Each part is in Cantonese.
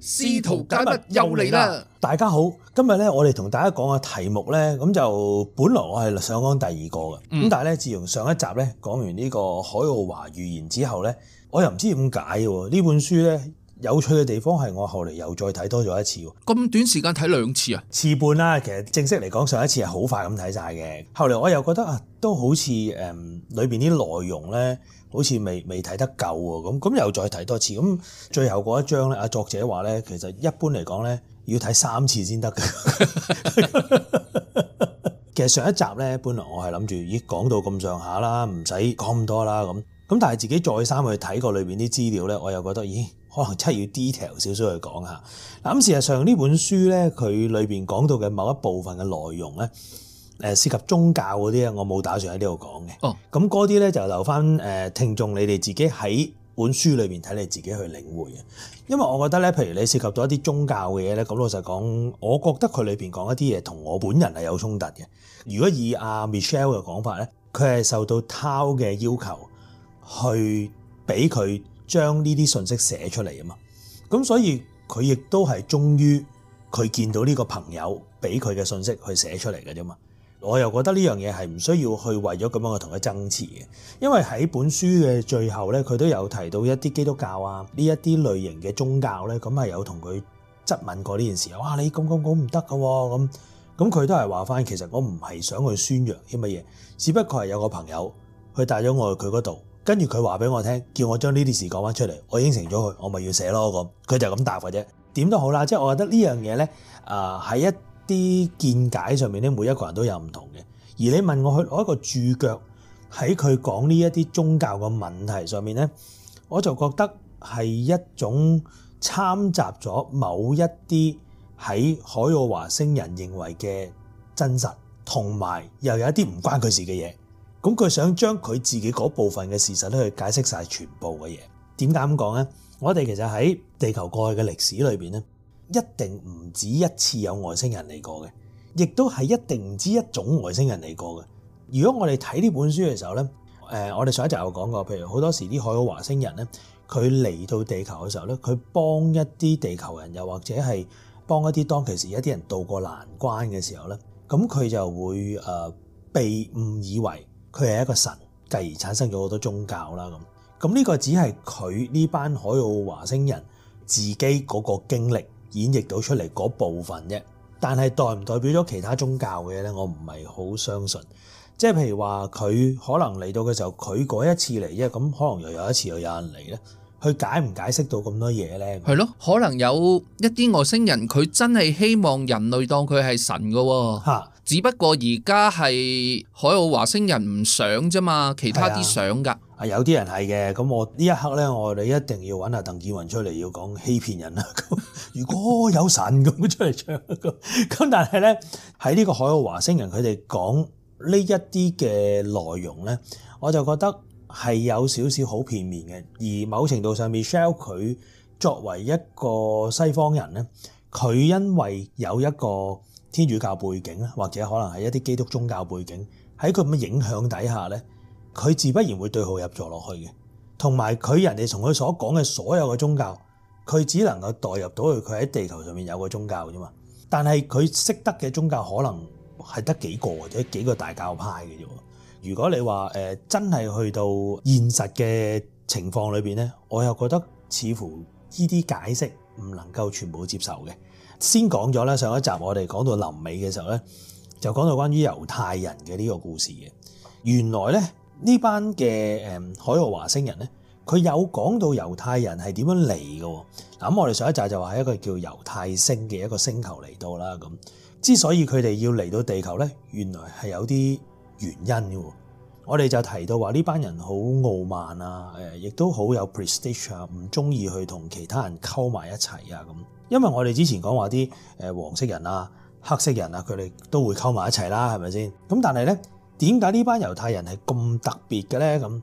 試圖解密又嚟啦！大家好，今日咧我哋同大家講嘅題目咧，咁就本來我係想講第二個嘅，咁、嗯、但係咧自從上一集咧講完呢個海奧華預言之後咧，我又唔知點解呢本書咧有趣嘅地方係我後嚟又再睇多咗一次，咁短時間睇兩次啊，次半啦，其實正式嚟講上一次係好快咁睇晒嘅，後嚟我又覺得啊，都好似誒裏邊啲內容咧。好似未未睇得夠喎，咁咁又再睇多次，咁最後嗰一章咧，阿作者話咧，其實一般嚟講咧，要睇三次先得嘅。其實上一集咧，本來我係諗住，咦，講到咁上下啦，唔使講咁多啦，咁咁，但係自己再三去睇過裏面啲資料咧，我又覺得，咦，可能真係要 detail 少少去講下。嗱咁事實上呢本書咧，佢裏面講到嘅某一部分嘅內容咧。誒，涉及宗教嗰啲咧，我冇打算喺呢度講嘅。哦，咁嗰啲咧就留翻誒聽眾你哋自己喺本書裏面睇，你自己去領會嘅。因為我覺得咧，譬如你涉及到一啲宗教嘅嘢咧，咁老實講，我覺得佢裏面講一啲嘢同我本人係有衝突嘅。如果以阿 Michelle 嘅講法咧，佢係受到 Tao 嘅要求去俾佢將呢啲信息寫出嚟啊嘛。咁所以佢亦都係忠於佢見到呢個朋友俾佢嘅信息去寫出嚟嘅啫嘛。我又覺得呢樣嘢係唔需要去為咗咁樣去同佢爭持嘅，因為喺本書嘅最後呢，佢都有提到一啲基督教啊呢一啲類型嘅宗教呢，咁係有同佢質問過呢件事，哇！你咁咁咁唔得㗎喎！咁咁佢都係話翻，其實我唔係想去宣揚啲乜嘢，只不過係有個朋友佢帶咗我去佢嗰度，跟住佢話俾我聽，叫我將呢啲事講翻出嚟，我應承咗佢，我咪要寫咯咁，佢就咁答嘅啫。點都好啦，即係我覺得呢樣嘢呢，啊、呃、係一啲見解上面咧，每一個人都有唔同嘅。而你問我去攞一個注腳喺佢講呢一啲宗教嘅問題上面咧，我就覺得係一種參雜咗某一啲喺海奧華星人認為嘅真實，同埋又有一啲唔關佢事嘅嘢。咁佢想將佢自己嗰部分嘅事實咧去解釋晒全部嘅嘢。點解咁講咧？我哋其實喺地球過去嘅歷史裏邊咧。一定唔止一次有外星人嚟過嘅，亦都係一定唔止一種外星人嚟過嘅。如果我哋睇呢本書嘅時候呢，誒，我哋上一集有講過，譬如好多時啲海奧華星人呢，佢嚟到地球嘅時候呢，佢幫一啲地球人，又或者係幫一啲當其時一啲人渡過難關嘅時候呢，咁佢就會誒被誤以為佢係一個神，繼而產生咗好多宗教啦。咁咁呢個只係佢呢班海奧華星人自己嗰個經歷。演繹到出嚟嗰部分啫，但係代唔代表咗其他宗教嘅嘢咧？我唔係好相信，即係譬如話佢可能嚟到嘅時候，佢嗰一次嚟啫，咁可能又有一次又有人嚟咧，佢解唔解釋到咁多嘢咧？係咯，可能有一啲外星人佢真係希望人類當佢係神噶，只不過而家係海奧華星人唔想啫嘛，其他啲想噶。有啲人係嘅，咁我呢一刻咧，我哋一定要揾下鄧健泓出嚟要講欺騙人啦。咁如果有神咁出嚟唱，咁咁但係咧喺呢個海奧華星人佢哋講呢一啲嘅內容咧，我就覺得係有少少好片面嘅。而某程度上面 Shel 佢作為一個西方人咧，佢因為有一個天主教背景或者可能係一啲基督宗教背景，喺佢咁嘅影響底下咧。佢自不然會對號入座落去嘅，同埋佢人哋同佢所講嘅所有嘅宗教，佢只能夠代入到去佢喺地球上面有個宗教啫嘛。但係佢識得嘅宗教可能係得幾個或者幾個大教派嘅啫。如果你話誒真係去到現實嘅情況裏面咧，我又覺得似乎呢啲解釋唔能夠全部接受嘅。先講咗呢，上一集，我哋講到臨尾嘅時候咧，就講到關於猶太人嘅呢個故事嘅，原來咧。呢班嘅海奧華星人咧，佢有講到猶太人係點樣嚟嘅。嗱咁，我哋上一集就話係一個叫猶太星嘅一個星球嚟到啦。咁之所以佢哋要嚟到地球咧，原來係有啲原因嘅。我哋就提到話呢班人好傲慢啊，亦都好有 prestige 啊，唔中意去同其他人溝埋一齊啊。咁因為我哋之前講話啲誒黃色人啊、黑色人啊，佢哋都會溝埋一齊啦，係咪先？咁但係咧。點解呢班猶太人係咁特別嘅咧？咁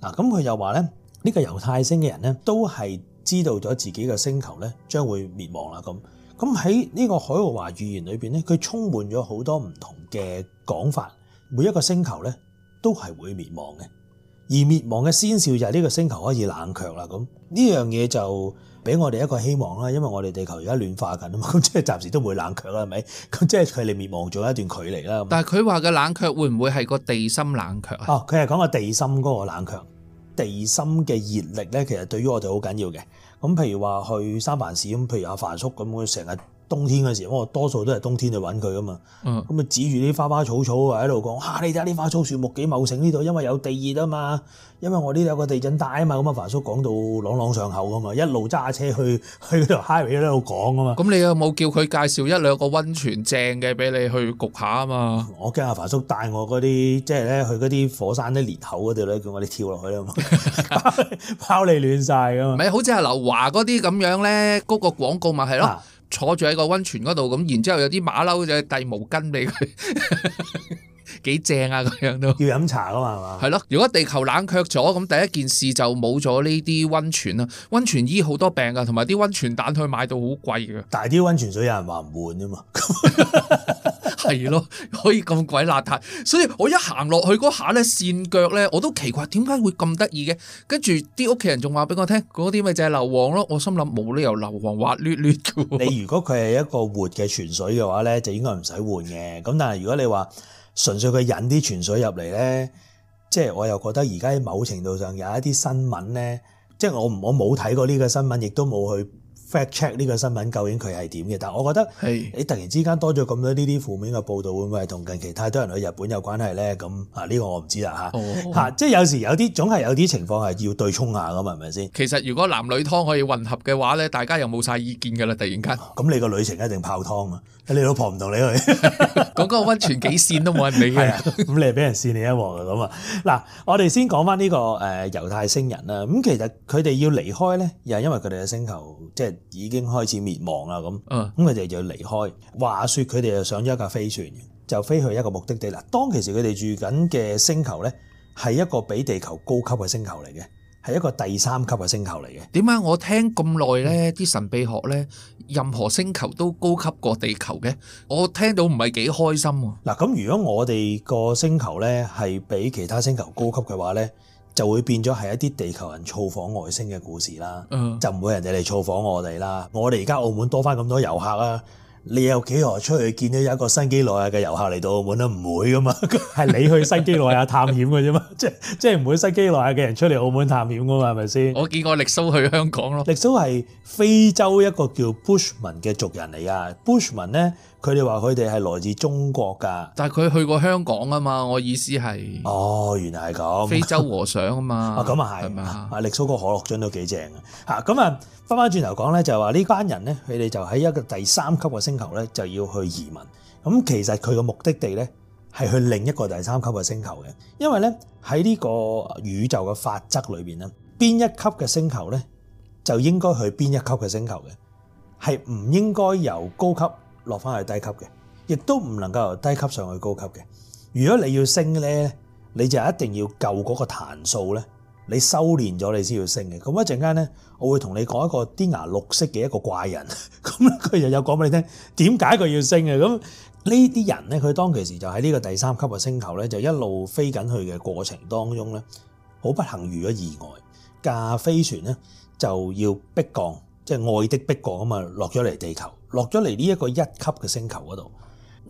嗱，咁佢又話咧，呢個猶太星嘅人咧，都係知道咗自己嘅星球咧，將會滅亡啦。咁咁喺呢個海奧華預言裏邊咧，佢充滿咗好多唔同嘅講法，每一個星球咧都係會滅亡嘅，而滅亡嘅先兆就係呢個星球可以冷卻啦。咁呢樣嘢就。俾我哋一個希望啦，因為我哋地球而家暖化緊啊嘛，咁即係暫時都唔會冷卻啦，係咪？咁即係佢哋滅亡咗一段距離啦。但係佢話嘅冷卻會唔會係個地心冷卻啊？哦，佢係講個地心嗰個冷卻。地心嘅熱力咧，其實對於我哋好緊要嘅。咁譬如話去三藩市咁，譬如阿飯叔阿凡叔咁，會成日。冬天嘅時候，我多數都係冬天去搵佢噶嘛。咁、嗯、啊指住啲花花草草啊，喺度講吓，你睇下啲花草樹木幾茂盛呢度，因為有地熱啊嘛。因為我呢度有個地震帶啊嘛，咁啊，凡叔講到朗朗上口啊嘛，一路揸車去去嗰度 high 喺度講啊嘛。咁你有冇叫佢介紹一兩個溫泉正嘅俾你去焗下啊嘛？我驚阿凡叔帶我嗰啲，即係咧去嗰啲火山啲裂口嗰度咧，叫我哋跳落去啊嘛，拋 你亂晒噶嘛。咪好似阿劉華嗰啲咁樣咧，嗰個廣告咪係咯。啊坐住喺個溫泉嗰度咁，然之後有啲馬騮仔遞毛巾俾佢，幾 正啊！咁樣都要飲茶噶嘛，係嘛？係咯，如果地球冷卻咗，咁第一件事就冇咗呢啲溫泉啦。溫泉醫好多病噶，同埋啲溫泉蛋佢買到好貴噶。但係啲溫泉水有人話唔換噶嘛。 係 咯，可以咁鬼邋遢，所以我一行落去嗰下咧，跣腳咧，我都奇怪點解會咁得意嘅。跟住啲屋企人仲話俾我聽，嗰啲咪就係硫磺咯。我心諗冇理由硫磺滑捋捋嘅。你如果佢係一個活嘅泉水嘅話咧，就應該唔使換嘅。咁但係如果你話純粹佢引啲泉水入嚟咧，即係我又覺得而家喺某程度上有一啲新聞咧，即係我我冇睇過呢個新聞，亦都冇去。Fact check 呢個新聞究竟佢係點嘅？但我覺得你突然之間多咗咁多呢啲負面嘅報導，會唔會係同近期太多人去日本有關係咧？咁啊，呢、呢個我唔知啦、啊哦哦哦啊、即係有時有啲總係有啲情況係要對沖下噶嘛，係咪先？其實如果男女湯可以混合嘅話咧，大家又冇晒意見㗎啦，突然間。咁你個旅程一定泡湯啊！你老婆唔同你去，講 個溫泉幾線都冇人理 啊。咁、嗯、你係俾人跣你一鑊㗎咁啊！嗱，我哋先講翻呢個誒、呃、猶太星人啦。咁其實佢哋要離開咧，又係因為佢哋嘅星球即係已經開始滅亡啦咁，咁佢哋就要離開。話説佢哋就上咗一架飛船，就飛去一個目的地啦。當其時佢哋住緊嘅星球咧，係一個比地球高級嘅星球嚟嘅，係一個第三級嘅星球嚟嘅。點解我聽咁耐咧？啲神秘學咧，任何星球都高級過地球嘅，我聽到唔係幾開心喎。嗱，咁如果我哋個星球咧係比其他星球高級嘅話咧？就會變咗係一啲地球人造訪外星嘅故事啦，uh-huh. 就唔會人哋嚟造訪我哋啦。我哋而家澳門多翻咁多遊客啊，你有幾何出去見到有一個新基內亞嘅遊客嚟到澳門都唔會噶嘛，係 你去新基內亞探險㗎啫嘛，即係即係唔會新基內亞嘅人出嚟澳門探險噶嘛，係咪先？我見過力蘇去香港咯，力蘇係非洲一個叫 Bushman 嘅族人嚟㗎。Bushman 咧。佢哋話：佢哋係來自中國噶，但係佢去過香港啊嘛。我意思係，哦，原來係咁。非洲和尚啊嘛，啊咁啊係，啊力蘇哥可樂樽都幾正啊！嚇咁啊，返返轉頭講咧，就話呢班人咧，佢哋就喺一個第三級嘅星球咧，就要去移民。咁其實佢嘅目的地咧，係去另一個第三級嘅星球嘅，因為咧喺呢個宇宙嘅法則裏邊咧，邊一級嘅星球咧，就應該去邊一級嘅星球嘅，係唔應該由高級落翻去低級嘅，亦都唔能夠由低級上去高級嘅。如果你要升咧，你就一定要夠嗰個彈數咧，你修煉咗你先要升嘅。咁一陣間咧，我會同你講一個啲牙綠色嘅一個怪人，咁咧佢又有講俾你聽，點解佢要升嘅？咁呢啲人咧，佢當其時就喺呢個第三級嘅星球咧，就一路飛緊去嘅過程當中咧，好不幸遇咗意外，架飛船咧就要迫降，即係愛的迫降啊嘛，落咗嚟地球。落咗嚟呢一個一級嘅星球嗰度，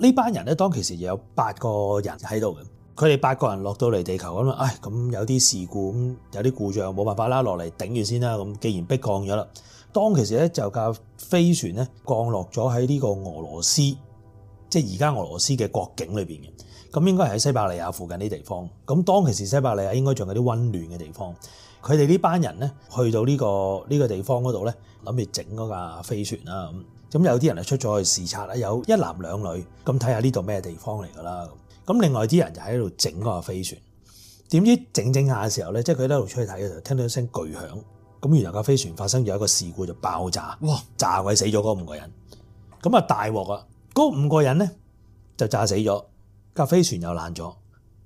呢班人咧當其時有八個人喺度嘅，佢哋八個人落到嚟地球咁嘛，唉，咁、哎、有啲事故，咁有啲故障，冇辦法啦，落嚟頂住先啦。咁既然逼降咗啦，當其時咧就架飛船咧降落咗喺呢個俄羅斯，即係而家俄羅斯嘅國境裏邊嘅，咁應該係喺西伯利亞附近啲地方。咁當其時西伯利亞應該仲有啲溫暖嘅地方，佢哋呢班人咧去到呢、呢個呢、呢個地方嗰度咧，諗住整嗰架飛船啦咁。咁有啲人出咗去視察啦，有一男兩女，咁睇下呢度咩地方嚟噶啦。咁，另外啲人就喺度整個飛船，點知整整下嘅時候咧，即係佢喺度出去睇嘅時候，聽到一聲巨響，咁原來架飛船發生咗一個事故，就爆炸，哇！炸鬼死咗嗰五個人，咁啊大鑊啊！嗰五個人咧就炸死咗，架飛船又爛咗，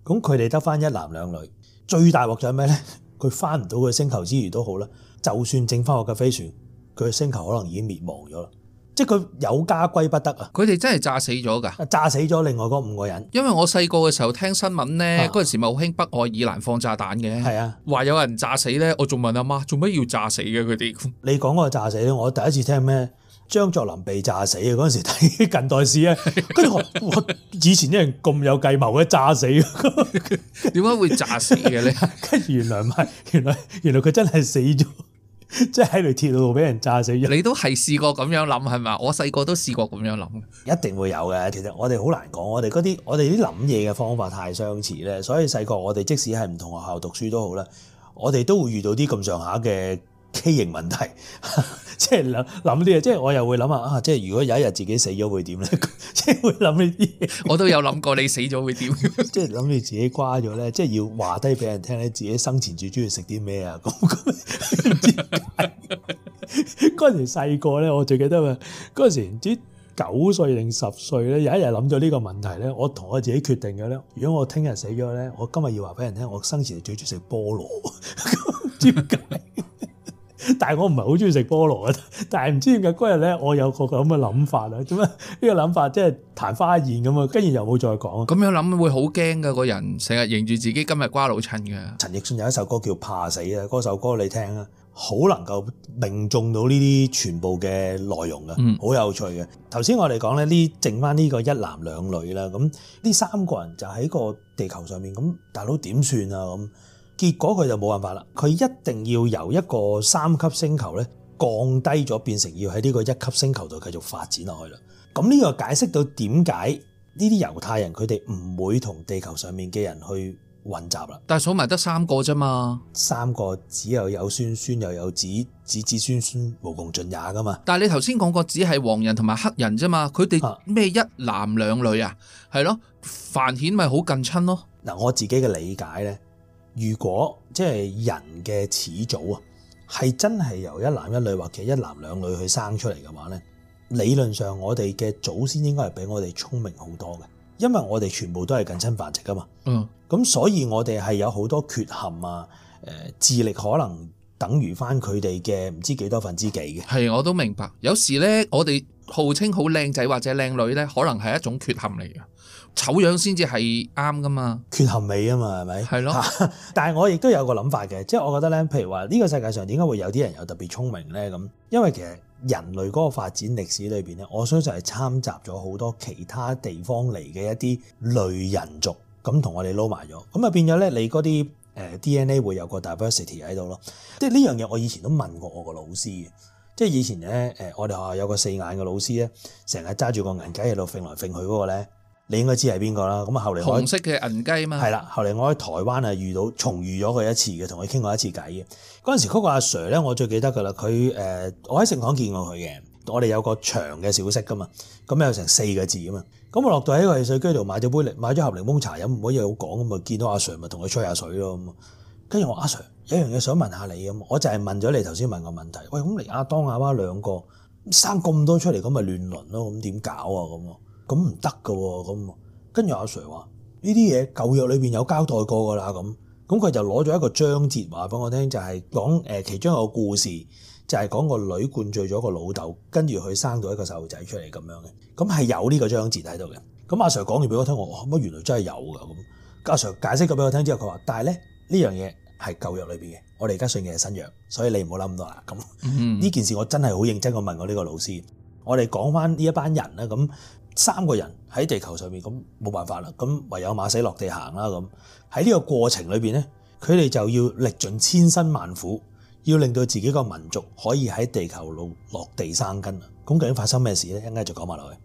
咁佢哋得翻一男兩女。最大鑊就係咩咧？佢翻唔到個星球之餘都好啦，就算整翻個架飛船，佢個星球可能已經滅亡咗啦。即係佢有家歸不得啊！佢哋真係炸死咗㗎，炸死咗另外嗰五個人。因為我細個嘅時候聽新聞咧，嗰陣、啊、時咪好興北愛爾蘭放炸彈嘅，係啊，話有人炸死咧。我仲問阿媽，做乜要炸死嘅佢哋？你講嗰個炸死咧，我第一次聽咩張作霖被炸死啊！嗰陣時睇近代史啊，跟住我， 我以前啲人咁有計謀嘅炸死，點 解 會炸死嘅咧？ 原來咪原來原來佢真係死咗。即係喺條鐵路度俾人炸死咗，你都係試過咁樣諗係嘛？我細個都試過咁樣諗，一定會有嘅。其實我哋好難講，我哋嗰啲我哋啲諗嘢嘅方法太相似咧，所以細個我哋即使係唔同學校讀書都好啦，我哋都會遇到啲咁上下嘅。畸形問題，即係諗諗啲嘢，即係我又會諗下啊，即係如果有一日自己死咗會點咧？即 係會諗呢啲嘢。我都有諗過你死咗會點。即係諗住自己瓜咗咧，即係要話低俾人聽咧，自己生前最中意食啲咩啊？咁嗰陣時細個咧，我最記得咪，嗰陣時唔知九歲定十歲咧，有一日諗咗呢個問題咧，我同我自己決定嘅咧，如果我聽日死咗咧，我今日要話俾人聽，我生前最中意食菠蘿。點解？但係我唔係好中意食菠蘿啊！但係唔知點解嗰日咧，我有個咁嘅諗法啊！點呢、呢個諗法即係曇花一現咁啊！跟住又冇再講啊！咁樣諗會好驚㗎，個人成日認住自己今日瓜老襯嘅。陳奕迅有一首歌叫《怕死》啊，嗰首歌你聽啊，好能夠命中到呢啲全部嘅內容嘅，好有趣嘅。頭、嗯、先我嚟講咧，呢剩翻呢個一男兩女啦，咁呢三個人就喺個地球上面，咁大佬點算啊？咁。結果佢就冇辦法啦，佢一定要由一個三級星球咧降低咗，變成要喺呢個一級星球度繼續發展落去啦。咁呢個解釋到點解呢啲猶太人佢哋唔會同地球上面嘅人去混雜啦？但係數埋得三個啫嘛，三個子又有孫，孫又有子，子子孫孫無窮盡也噶嘛。但係你頭先講個只係黃人同埋黑人啫嘛，佢哋咩一男兩女啊？係咯，繁衍咪好近親咯。嗱，我自己嘅理解咧。如果即係人嘅始祖啊，係真係由一男一女或者一男兩女去生出嚟嘅話呢，理論上我哋嘅祖先應該係比我哋聰明好多嘅，因為我哋全部都係近親繁殖噶嘛。嗯，咁所以我哋係有好多缺陷啊，呃，智力可能等於翻佢哋嘅唔知幾多分之幾嘅。係，我都明白。有時呢，我哋號稱好靚仔或者靚女呢，可能係一種缺陷嚟嘅。醜樣先至係啱噶嘛？缺陷美啊嘛，係咪？係咯 但。但係我亦都有個諗法嘅，即係我覺得咧，譬如話呢個世界上點解會有啲人有特別聰明咧？咁因為其實人類嗰個發展歷史裏邊咧，我相信係參雜咗好多其他地方嚟嘅一啲類人族咁同我哋撈埋咗，咁啊變咗咧，你嗰啲誒 DNA 會有個 diversity 喺度咯。即係呢樣嘢，我以前都問過我個老師嘅，即係以前咧誒，我哋學校有個四眼嘅老師咧，成日揸住個銀雞喺度揈來揈去嗰個咧。你應該知係邊個啦，咁後嚟我紅色嘅銀雞啊嘛，係啦，後嚟我喺台灣啊遇到重遇咗佢一次嘅，同佢傾過一次偈嘅。嗰、嗯、陣時嗰個阿 sir 咧，我最記得㗎啦，佢誒、呃、我喺聖堂見過佢嘅，我哋有個長嘅小息噶嘛，咁有成四個字啊嘛，咁我落到喺個汽水機度買咗杯檸買咗盒檸檬茶飲，冇嘢好講咁啊，見到阿 sir 咪同佢吹下水咯咁，跟住我阿、啊、sir 有一樣嘢想問下你咁，我就係問咗你頭先問個問題，喂咁你阿當阿娃兩個生咁多出嚟咁咪亂倫咯，咁點搞啊咁？咁唔得㗎喎，咁跟住阿 sir 話：呢啲嘢舊約裏邊有交代過噶啦，咁咁佢就攞咗一個章節話俾我聽，就係講誒其中一個故事，就係講個女灌醉咗個老豆，跟住佢生到一個細路仔出嚟咁樣嘅，咁係有呢個章節喺度嘅。咁阿 sir 講完俾我聽，我乜原來真係有嘅咁。阿 sir 解釋咗俾我聽之後，佢話：但係咧呢樣嘢係舊約裏邊嘅，我哋而家信嘅係新約，所以你唔好諗咁多啦。咁呢件事我真係好認真咁問我呢個老師。我哋講翻呢一班人啦，咁。三個人喺地球上面咁冇辦法啦，咁唯有馬死落地行啦咁。喺呢個過程裏邊咧，佢哋就要歷盡千辛萬苦，要令到自己個民族可以喺地球度落地生根。咁究竟發生咩事咧？一陣間就講埋落去。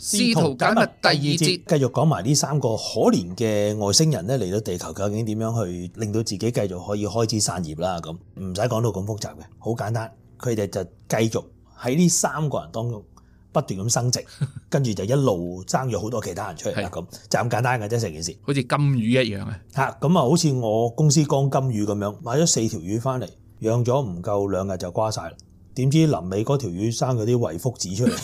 試圖解密第二節，繼續講埋呢三個可憐嘅外星人咧，嚟到地球究竟點樣去令到自己繼續可以開枝散葉啦？咁唔使講到咁複雜嘅，好簡單，佢哋就繼續喺呢三個人當中不斷咁生殖，跟住就一路爭咗好多其他人出嚟啦。咁 就咁簡單嘅啫，成件事好似金魚一樣啊！嚇，咁啊，好似我公司缸金魚咁樣，買咗四條魚翻嚟，養咗唔夠兩日就瓜晒。點知臨尾嗰條魚生嗰啲遺腹子出嚟，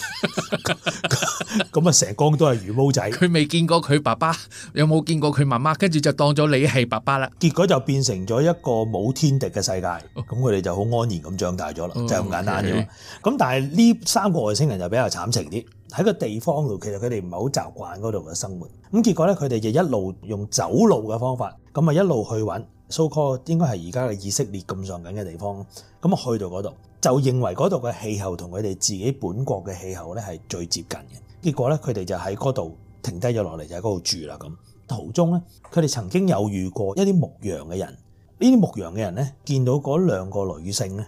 咁啊，成缸都係魚毛仔。佢未見過佢爸爸，有冇見過佢媽媽？跟住就當咗你係爸爸啦。結果就變成咗一個冇天敵嘅世界，咁佢哋就好安然咁長大咗啦，就係咁簡單啫。咁但係呢三個外星人就比較慘情啲，喺個地方度其實佢哋唔係好習慣嗰度嘅生活，咁結果咧，佢哋就一路用走路嘅方法，咁啊，一路去揾 Sokol，應該係而家嘅以色列咁上緊嘅地方，咁啊，去到嗰度。就認為嗰度嘅氣候同佢哋自己本國嘅氣候呢係最接近嘅，結果呢佢哋就喺嗰度停低咗落嚟，就喺嗰度住啦咁。途中呢佢哋曾經有遇過一啲牧羊嘅人，呢啲牧羊嘅人呢見到嗰兩個女性呢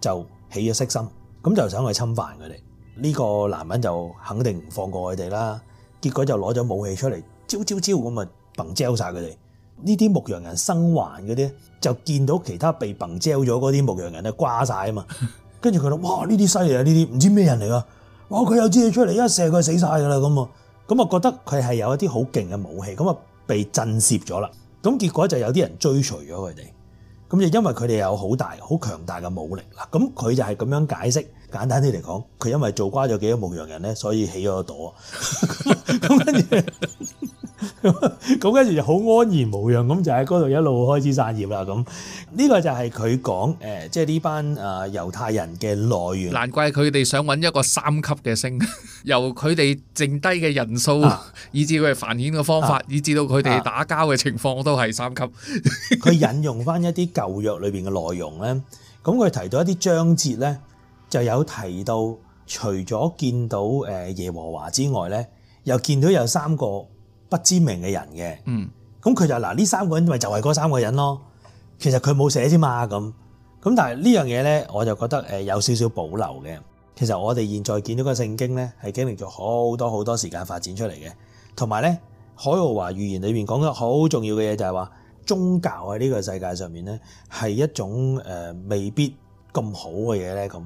就起咗色心，咁就想去侵犯佢哋。呢個男人就肯定唔放過佢哋啦，結果就攞咗武器出嚟，招招招咁啊，嘭焦曬佢哋。呢啲牧羊人生還嗰啲就見到其他被殼咗嗰啲牧羊人瓜晒啊嘛，跟住佢諗，哇呢啲犀利啊，呢啲唔知咩人嚟啊，哇佢有支嘢出嚟，一射佢死晒噶啦咁啊，咁啊覺得佢係有一啲好勁嘅武器，咁啊被震攝咗啦，咁結果就有啲人追隨咗佢哋，咁就因為佢哋有好大好強大嘅武力啦，咁佢就係咁樣解釋。簡單啲嚟講，佢因為做瓜咗幾個牧羊人咧，所以起咗個朵。咁跟住，咁跟住就好安然無恙，咁就喺嗰度一路開始散業啦。咁呢、呢個就係佢講即係呢班啊猶太人嘅來源。難怪佢哋想搵一個三級嘅星，由佢哋剩低嘅人數，啊、以至佢哋繁衍嘅方法、啊，以至到佢哋打交嘅情況、啊、都係三級。佢 引用翻一啲舊約裏面嘅內容咧，咁佢提到一啲章節咧。就有提到，除咗見到誒耶和華之外咧，又見到有三個不知名嘅人嘅。嗯，咁佢就嗱呢三個人咪就係嗰三個人咯。其實佢冇寫啫嘛，咁咁但係呢樣嘢咧，我就覺得誒有少少保留嘅。其實我哋現在見到嘅聖經咧，係經歷咗好多好多時間發展出嚟嘅。同埋咧，海奧華預言裏面講得好重要嘅嘢就係話，宗教喺呢個世界上面咧係一種誒未必咁好嘅嘢咧咁。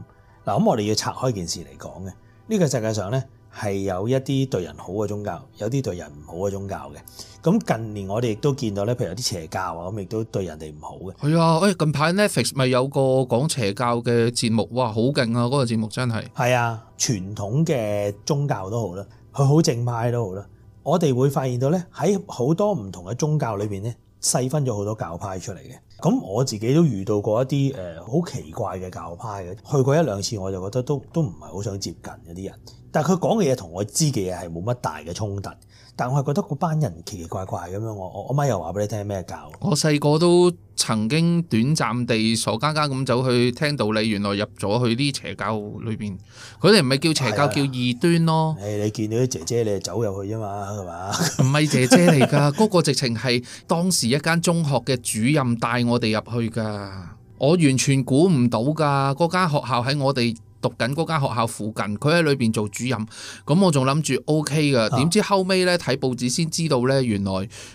嗱，咁我哋要拆開件事嚟講嘅，呢、這個世界上咧係有一啲對人好嘅宗教，有啲對人唔好嘅宗教嘅。咁近年我哋亦都見到咧，譬如有啲邪教啊，咁亦都對人哋唔好嘅。係啊，誒近排 Netflix 咪有個講邪教嘅節目，哇，好勁啊！嗰、那個節目真係。係啊，傳統嘅宗教都好啦，佢好正派都好啦，我哋會發現到咧，喺好多唔同嘅宗教裏邊咧，細分咗好多教派出嚟嘅。咁我自己都遇到過一啲誒好奇怪嘅教派嘅，去過一兩次，我就覺得都都唔係好想接近嗰啲人。但係佢講嘅嘢同我知嘅嘢係冇乜大嘅衝突，但我係覺得嗰班人奇奇怪怪咁樣。我我媽又話俾你聽咩教？我細個都曾經短暫地傻更更咁走去聽道理，原來入咗去啲邪教裏邊。佢哋唔係叫邪教、哎，叫異端咯。哎、你見到啲姐姐你就走入去啫嘛，係嘛？唔係姐姐嚟㗎，嗰 個直情係當時一間中學嘅主任帶。我哋入去噶，我完全估唔到噶。嗰間學校喺我哋讀緊嗰間學校附近，佢喺裏邊做主任。咁我仲諗住 OK 噶，點知後尾咧睇報紙先知道咧，原來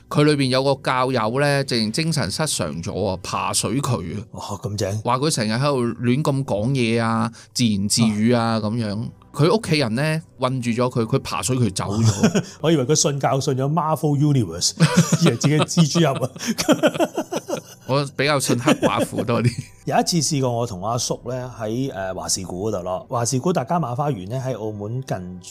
佢裏邊有個教友咧，竟然精神失常咗啊！爬水渠、哦、哇！咁正！話佢成日喺度亂咁講嘢啊，自言自語啊，咁樣。佢屋企人咧困住咗佢，佢爬水渠走咗。 我以為佢信教信咗 Marvel Universe，以為自己蜘蛛俠啊。 我比較信黑寡婦多啲。 有一次試過，我同阿叔咧喺誒華士古嗰度咯。華士古達伽馬花園咧喺澳門近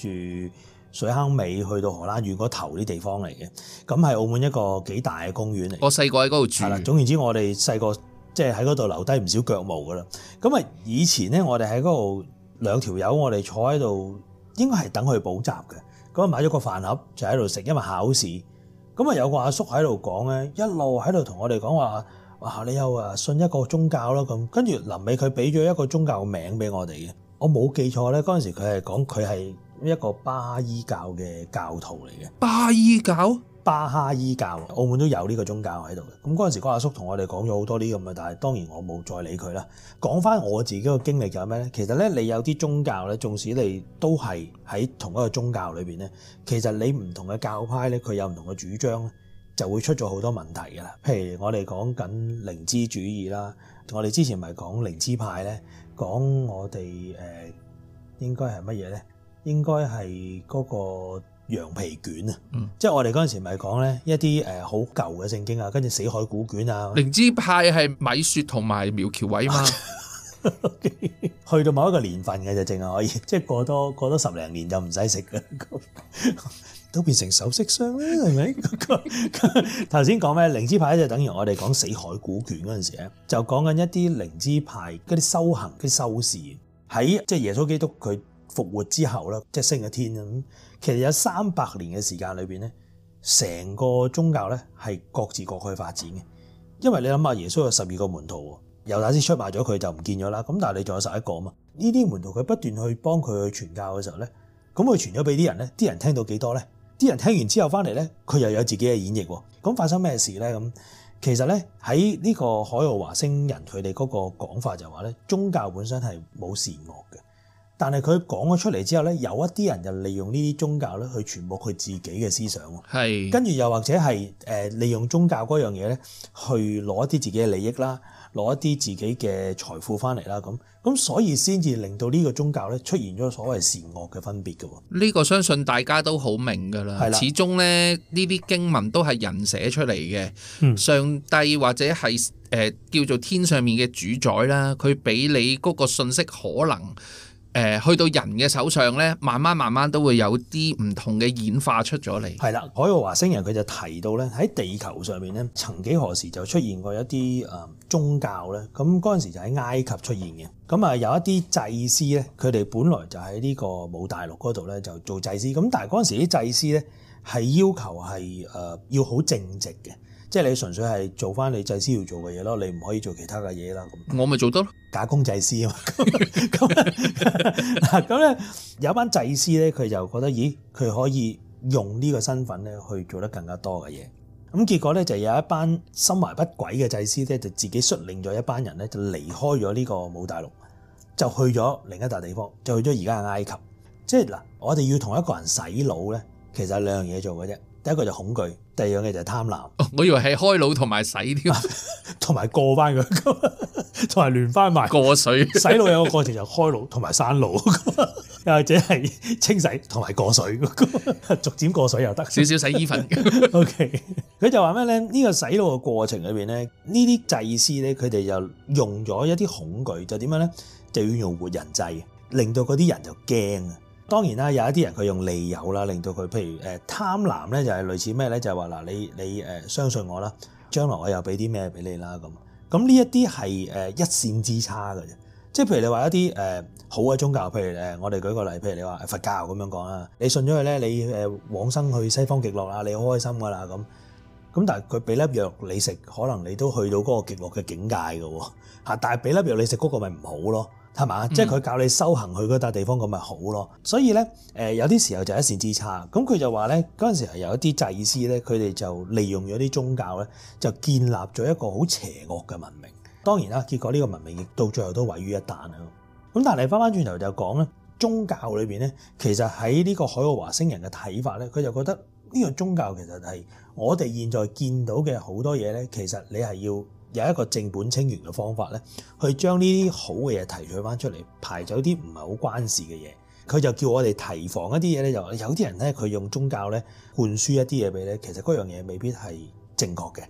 住水坑尾，去到荷蘭園嗰頭啲地方嚟嘅。咁係澳門一個幾大嘅公園嚟。我細個喺嗰度住。係啦。總言之，我哋細個即係喺嗰度留低唔少腳毛噶啦。咁啊，以前咧，我哋喺嗰度兩條友，我哋坐喺度應該係等佢補習嘅。咁啊，買咗個飯盒就喺度食，因為考試。咁啊，有個阿叔喺度講咧，一路喺度同我哋講話。哇！你又啊信一個宗教咯，咁，跟住臨尾佢俾咗一個宗教名俾我哋嘅，我冇記錯咧。嗰陣時佢係講佢係一個巴哈伊教嘅教徒嚟嘅。巴伊教，巴哈伊教，澳門都有呢個宗教喺度嘅。咁嗰陣時，嗰阿叔同我哋講咗好多啲咁嘅，但係當然我冇再理佢啦。講翻我自己嘅經歷就係咩咧？其實咧，你有啲宗教咧，縱使你都係喺同一個宗教裏邊咧，其實你唔同嘅教派咧，佢有唔同嘅主張就會出咗好多問題㗎啦。譬如我哋講緊靈知主義啦，我哋之前咪講靈知派咧，講我哋誒應該係乜嘢咧？應該係嗰個羊皮卷啊、嗯，即係我哋嗰陣時咪講咧一啲誒好舊嘅聖經啊，跟住死海古卷啊。靈知派係米雪同埋苗僑偉嘛？ 去到某一個年份嘅就淨係可以，即係過多過多十零年就唔使食都變成首飾商啦，係咪？頭先講咩？靈知派就等於我哋講死海古卷嗰陣時咧，就講緊一啲靈知派嗰啲修行、啲修士喺即係耶穌基督佢復活之後即係升咗天，其實有三百年嘅時間裏面，咧，成個宗教咧係各自各去發展嘅，因為你諗下耶穌有十二個門徒喎，猶大斯出賣咗佢就唔見咗啦。咁但係你仲有十一個啊嘛？呢啲門徒佢不斷去幫佢去傳教嘅時候咧，咁佢傳咗俾啲人咧，啲人聽到幾多咧？啲人聽完之後翻嚟咧，佢又有自己嘅演繹喎。咁發生咩事咧？咁其實咧喺呢個海奧華星人佢哋嗰個講法就話咧，宗教本身係冇善惡嘅，但係佢講咗出嚟之後咧，有一啲人就利用呢啲宗教咧去傳播佢自己嘅思想，係跟住又或者係誒利用宗教嗰樣嘢咧去攞一啲自己嘅利益啦。攞一啲自己嘅財富翻嚟啦，咁咁所以先至令到呢個宗教咧出現咗所謂善惡嘅分別嘅喎。呢、呢個相信大家都好明㗎啦。始終咧呢啲經文都係人寫出嚟嘅、嗯，上帝或者係誒、呃、叫做天上面嘅主宰啦，佢俾你嗰個信息可能，誒，去到人嘅手上咧，慢慢慢慢都會有啲唔同嘅演化出咗嚟。係啦，海奧華星人佢就提到咧，喺地球上面咧，曾幾何時就出現過一啲宗教咧。咁嗰陣時就喺埃及出現嘅。咁啊有一啲祭師咧，佢哋本來就喺呢個武大陸嗰度咧就做祭師。咁但係嗰陣時啲祭師咧係要求係誒要好正直嘅。即係你純粹係做翻你祭司要做嘅嘢咯，你唔可以做其他嘅嘢啦。我咪做得咯，假公祭司啊嘛。咁咧有一班祭司咧，佢就覺得，咦，佢可以用呢個身份咧去做得更加多嘅嘢。咁 結果咧就是，有一班心懷不軌嘅祭司咧，就自己率領咗一班人咧，就離開咗呢個武大陸就去咗另一笪地方，就去咗而家嘅埃及。即係嗱，我哋要同一個人洗腦咧，其實係兩樣嘢做嘅啫。第一個就恐懼，第二樣嘢就係貪婪。我以為係開腦同埋洗添，同 埋過翻佢同埋亂翻埋過水洗腦有個過程就開腦同埋刪腦，又或者係清洗同埋過水，逐漸過水又得少少洗衣粉。 OK，佢就話咩咧？呢個洗腦嘅過程裏邊咧，呢啲祭司咧，佢哋就用咗一啲恐懼，就點樣咧？就要用活人祭，令到嗰啲人就驚啊！當然啦，有一啲人佢用利誘啦，令到佢譬如誒貪婪咧，就係類似咩咧，就係話嗱，你你誒相信我啦，將來我又俾啲咩俾你啦，咁咁呢一啲係誒一線之差嘅啫。即係譬如你話一啲誒好嘅宗教，譬如誒我哋舉個例，譬如你話佛教咁樣講啦，你信咗佢咧，你誒往生去西方極樂啦，你好開心噶啦咁。咁但係佢俾粒藥你食，可能你都去到嗰個極樂嘅境界嘅喎嚇，但係俾粒藥你食嗰個咪唔好咯。係嘛、嗯？即係佢教你修行去嗰笪地方咁咪好咯。所以咧，誒有啲時候就一線之差。咁佢就話咧，嗰陣時係有一啲祭司咧，佢哋就利用咗啲宗教咧，就建立咗一個好邪惡嘅文明。當然啦，結果呢個文明亦到最後都毀於一旦。啊。咁但係你翻翻轉頭就講咧，宗教裏邊咧，其實喺呢個海奧華星人嘅睇法咧，佢就覺得呢個宗教其實係我哋現在見到嘅好多嘢咧，其實你係要。有一個正本清源嘅方法咧，去將呢啲好嘅嘢提取翻出嚟，排走啲唔係好關事嘅嘢。佢就叫我哋提防一啲嘢咧，就有啲人咧佢用宗教咧灌輸一啲嘢俾你。其實嗰樣嘢未必係正確嘅。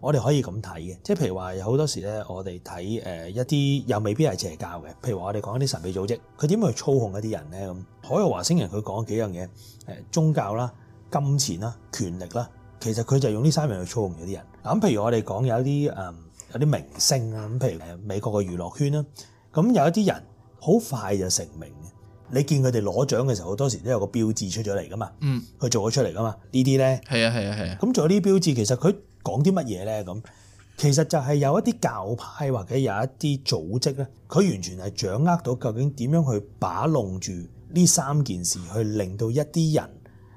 我哋可以咁睇嘅，即係譬如話好多時咧，我哋睇誒一啲又未必係邪教嘅，譬如話我哋講一啲神秘組織，佢點去操控一啲人咧咁？海奧華星人佢講幾樣嘢，誒宗教啦、金錢啦、權力啦，其實佢就用呢三樣去操控咗啲人。嗱咁譬如我哋講有啲誒。嗯有啲明星啊，咁譬如美國嘅娛樂圈啦，咁有一啲人好快就成名嘅。你見佢哋攞獎嘅時候，好多時都有個標誌出咗嚟㗎嘛，嗯，佢做咗出嚟㗎嘛。呢啲咧，係啊係啊係啊。咁做咗啲標誌，其實佢講啲乜嘢咧？咁其實就係有一啲教派或者有一啲組織咧，佢完全係掌握到究竟點樣去把弄住呢三件事，去令到一啲人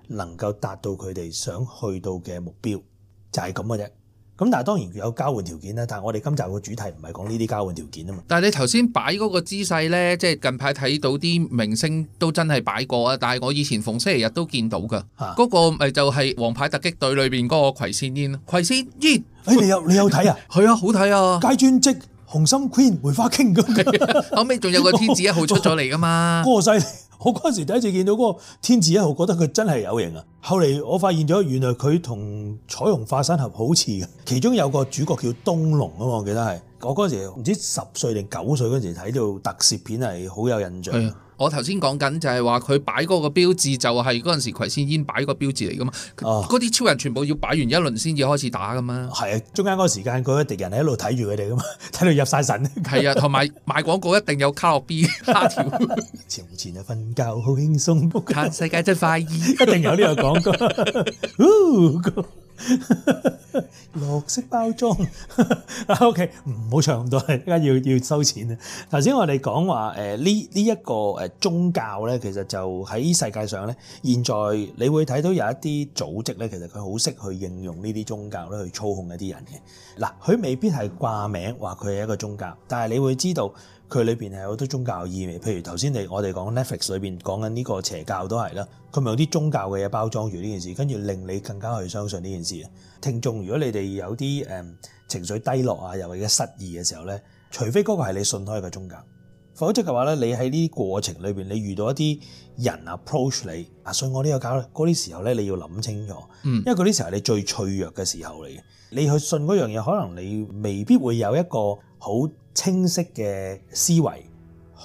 能夠達到佢哋想去到嘅目標，就係咁嘅啫。咁但係當然有交換條件啦，但係我哋今集個主題唔係講呢啲交換條件啊嘛。但係你頭先擺嗰個姿勢咧，即係近排睇到啲明星都真係擺過啊，但係我以前逢星期日都見到噶。嗰個咪就係《王牌特擊隊》裏邊嗰個葵扇煙啦。葵扇煙，哎你有你有睇啊？係啊，好睇啊！階磚積紅心 Queen 梅花 King 咁，後尾仲有個天字一號出咗嚟噶嘛？多犀利！我嗰陣時第一次見到嗰個天字一號，覺得佢真係有型啊！後嚟我發現咗原來佢同彩虹化身合好似嘅，其中有個主角叫東龍啊嘛，我記得係我嗰時唔知十歲定九歲嗰陣時睇到特攝片係好有印象。我頭先講緊就係話佢擺嗰個標誌就係嗰陣時葵仙煙擺個標誌嚟噶嘛，嗰啲超人全部要擺完一輪先至開始打噶嘛。係啊，中間嗰個時間嗰啲敵人係一路睇住佢哋噶嘛，睇到入晒神。係 啊，同埋賣廣告一定有卡樂 B 卡條。前 前就瞓覺，好輕鬆。 睇世界真快意， 一定有呢個廣告。 綠色包裝 ，OK，唔好唱咁多，依家要要收錢啦。頭先我哋講話，誒呢呢一個誒宗教咧，其實就喺世界上咧，現在你會睇到有一啲組織咧，其實佢好識去應用呢啲宗教咧去操控一啲人嘅。嗱，佢未必係掛名話佢係一個宗教，但係你會知道。佢裏面係好多宗教意味，譬如頭先你我哋講 Netflix 裏面講緊呢個邪教都係啦，佢咪有啲宗教嘅嘢包裝住呢件事，跟住令你更加去相信呢件事啊！聽眾，如果你哋有啲誒情緒低落啊，又或者失意嘅時候咧，除非嗰個係你信開嘅宗教，否則嘅話咧，你喺呢過程裏面，你遇到一啲人 approach 你啊，信我呢個教，嗰啲時候咧你要諗清楚，因為嗰啲時候係你最脆弱嘅時候嚟嘅，你去信嗰樣嘢，可能你未必會有一個好清晰嘅思維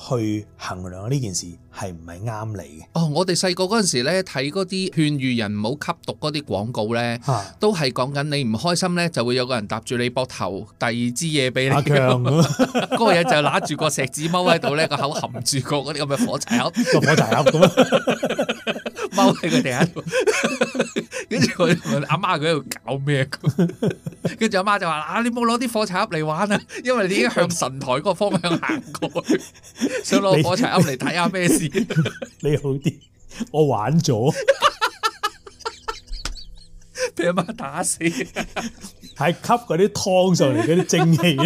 去衡量呢件事係唔係啱你嘅。哦，我哋細個嗰陣時咧睇嗰啲勸喻人唔好吸毒嗰啲廣告咧、啊，都係講緊你唔開心咧，就會有個人搭住你膊頭，第二支嘢俾你。誇張，嗰個嘢就拿住個石子踎喺度咧，個 口含住個嗰啲咁嘅火柴盒， 火柴盒咁 踎喺個地下度，跟住佢阿媽佢喺度搞咩？跟住阿媽就話： 啊，你冇攞啲火柴盒嚟玩啊！因為你已經向神台嗰個方向行過去想攞火柴盒嚟睇下咩事。你， 你好啲，我玩咗，俾阿媽打死，係 吸嗰啲湯上嚟嗰啲蒸汽。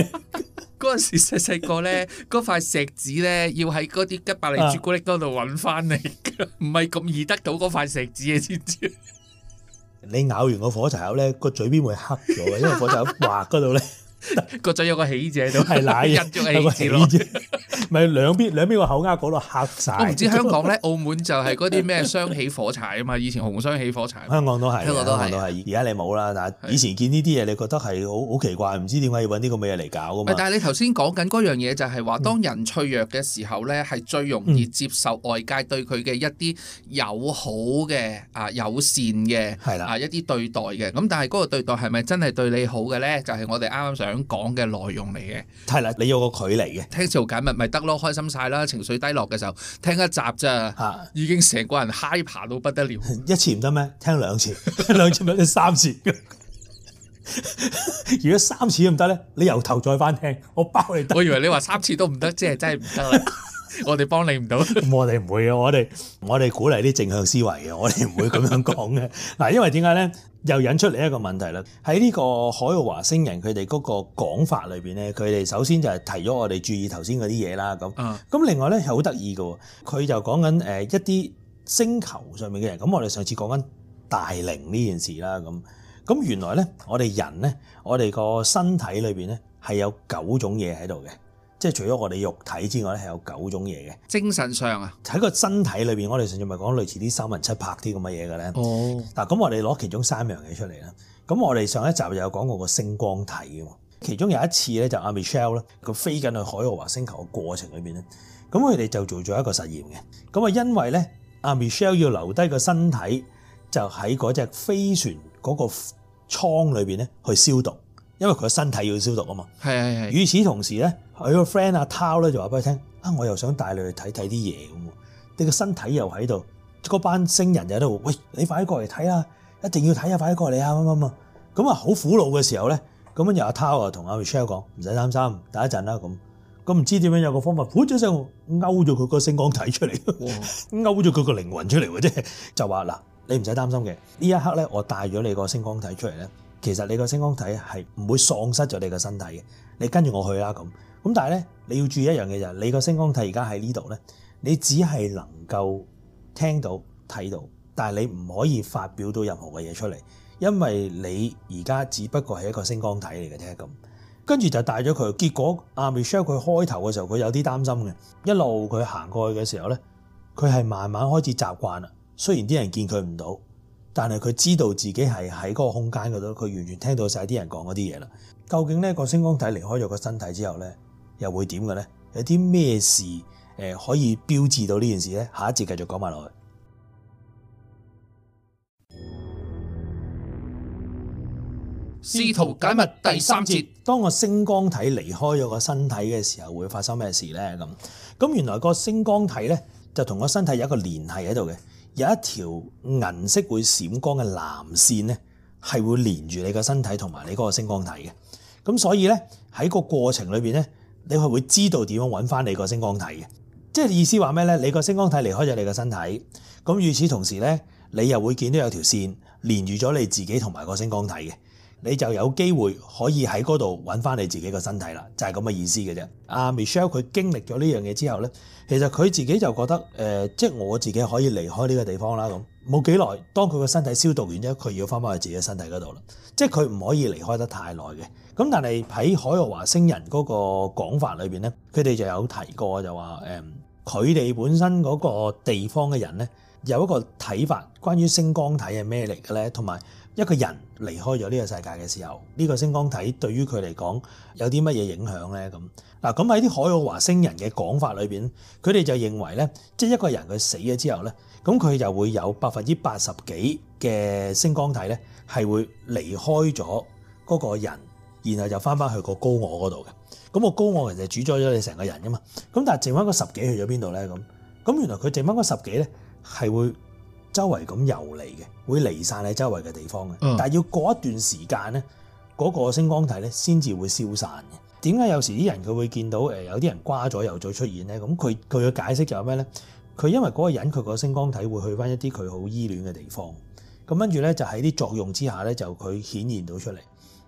嗰陣時細細個咧，嗰塊錫紙咧，要喺嗰啲吉百利朱古力嗰度揾翻嚟，唔係咁易得到嗰塊錫紙嘅，知唔知？你咬完個火柴盒咧，個嘴邊會黑咗嘅，因為火柴盒滑嗰度咧。 個嘴有個喜字喺度，係奶啊，有一個喜字，咪兩邊兩邊個口丫嗰度嚇晒。我唔知香港咧， 澳門就係嗰啲咩雙喜火柴啊嘛，以前紅雙喜火柴。香港都係，香港都係，而家你冇啦嗱。但以前見呢啲嘢，你覺得係好好奇怪，唔知點解要搵呢個味嘢嚟搞噶嘛？但係你頭先講緊嗰樣嘢，就係話當人脆弱嘅時候咧，係最容易接受外界對佢嘅一啲友好嘅、嗯、啊友善嘅係啦一啲對待嘅。咁但係嗰個對待係咪真係對你好嘅咧？就係、是、我哋啱啱想。想講嘅內容嚟嘅，係啦，你有個距離嘅。聽試圖解密咪得咯，開心晒啦，情緒低落嘅時候聽一集咋，已經成個人 hyper 到不得了。一次唔得咩？聽兩次，兩次咪三次。如果三次都唔得咧，你由頭再翻聽，我包你得。我以為你話三次都唔得，即係真係唔得。我哋幫你唔 到，我哋唔會啊。我哋我哋鼓勵啲正向思維嘅，我哋唔會咁樣講嘅。嗱， 因為點解咧？又引出嚟一個問題啦。喺呢個海奧華星人佢哋嗰個講法裏面咧，佢哋首先就係提咗我哋注意頭先嗰啲嘢啦。咁，咁另外咧係好得意嘅，佢就講緊誒一啲星球上面嘅人。咁我哋上次講緊大靈呢件事啦。咁，咁原來咧，我哋人咧，我哋個身體裏面咧係有九種嘢喺度嘅。即係除咗我哋肉體之外咧，係有九種嘢嘅。精神上啊，喺個身體裏面，我哋上次咪講類似啲三文七拍啲咁嘅嘢嘅咧。哦，嗱咁我哋攞其中三樣嘢出嚟啦。咁我哋上一集就有講過個星光體嘅嘛。其中有一次咧，就阿 Michelle 咧，佢飛緊去海奧華星球嘅過程裏面咧，咁佢哋就做咗一個實驗嘅。咁啊，因為咧阿 Michelle 要留低個身體，就喺嗰隻飛船嗰個艙裏面咧去消毒。因為佢身體要消毒啊嘛，係係係。與此同時咧，佢個 friend 阿濤咧就話俾佢聽：啊，我又想帶你去睇睇啲嘢咁。你個身體又喺度，嗰班星人又喺度。喂，你快啲過嚟睇啦！一定要睇下。快啲過嚟啊！咁咁啊，咁啊好苦惱嘅時候咧，咁樣又阿濤啊同阿 Michelle 講唔使擔心，等一陣啦咁。咁唔知點樣有個方法，噗咗聲勾咗佢個星光體出嚟， 勾咗佢個靈魂出嚟喎，即係就話嗱，你唔使擔心嘅。呢一刻咧，我帶咗你個星光體出嚟咧。其實你個星光體係唔會喪失咗你個身體嘅，你跟住我去啦咁。咁但係咧，你要注意一樣嘢就係你個星光體而家喺呢度咧，你只係能夠聽到睇到，但係你唔可以發表到任何嘅嘢出嚟，因為你而家只不過係一個星光體嚟嘅啫咁。跟住就帶咗佢，結果阿 Michelle 佢開頭嘅時候佢有啲擔心嘅，一路佢行過去嘅時候咧，佢係慢慢開始習慣啦。雖然啲人見佢唔到。但係佢知道自己係喺嗰個空間嗰度，佢完全聽到晒啲人講嗰啲嘢啦。究竟呢個星光體離開咗個身體之後呢，又會點嘅呢？有啲咩事誒，可以標誌到呢件事呢？下一節繼續講埋落去。試圖解密第三節，當個星光體離開咗個身體嘅時候，會發生咩事呢？咁咁原來個星光體呢，就同個身體有一個聯繫喺度嘅。有一條銀色會閃光嘅藍線咧，係會連住你個身體同埋你個星光體嘅。咁所以咧喺個過程裏邊咧，你係會知道點樣揾翻你個星光體嘅。即係意思話咩咧？你個星光體離開咗你個身體，咁與此同時咧，你又會見到有條線連住咗你自己同埋個星光體嘅。你就有機會可以喺嗰度揾翻你自己嘅身體啦，就係咁嘅意思嘅啫。阿 Michelle 佢經歷咗呢樣嘢之後呢，其實佢自己就覺得、呃、即係我自己可以離開呢個地方啦。咁冇幾耐，當佢個身體消毒完之後，佢要翻返去自己身體嗰度啦。即係佢唔可以離開得太耐嘅。咁但係喺海奧華星人嗰個講法裏面呢，佢哋就有提過就話誒，佢哋本身嗰個地方嘅人呢，有一個睇法，關於星光體係咩嚟嘅呢？同埋。一個人離開咗呢個世界嘅時候，呢個星光體對於佢嚟講有啲乜嘢影響咧？咁嗱，咁喺啲海奧華星人嘅講法裏邊，佢哋就認為咧，即係一個人佢死咗之後咧，咁佢就會有百分之八十幾嘅星光體咧，係會離開咗嗰個人，然後就翻翻去個高我嗰度嘅。咁個高我其實主宰咗你成個人噶嘛。咁但係剩翻嗰十幾去咗邊度咧？咁咁原來佢剩翻嗰十幾咧係會。周圍咁遊嚟嘅，會離散喺周圍嘅地方嘅、嗯。但係要過一段時間咧，嗰、嗰個星光體咧先至會消散嘅。點解有時啲人佢會見到誒，有啲人瓜咗又再出現咧？咁佢佢嘅解釋就係咩咧？佢因為嗰個人佢個星光體會去返一啲佢好依戀嘅地方，咁跟住咧就喺啲作用之下咧就佢顯現到出嚟。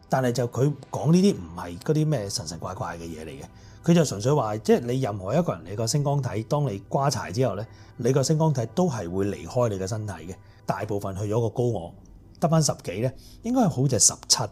但係就佢講呢啲唔係嗰啲咩神神怪怪嘅嘢嚟嘅。佢就純粹話，即係你任何一個人，你個星光體，當你瓜柴之後咧，你個星光體都係會離開你個身體嘅，大部分去咗個高我，得翻十幾咧，應該係好似十七啊，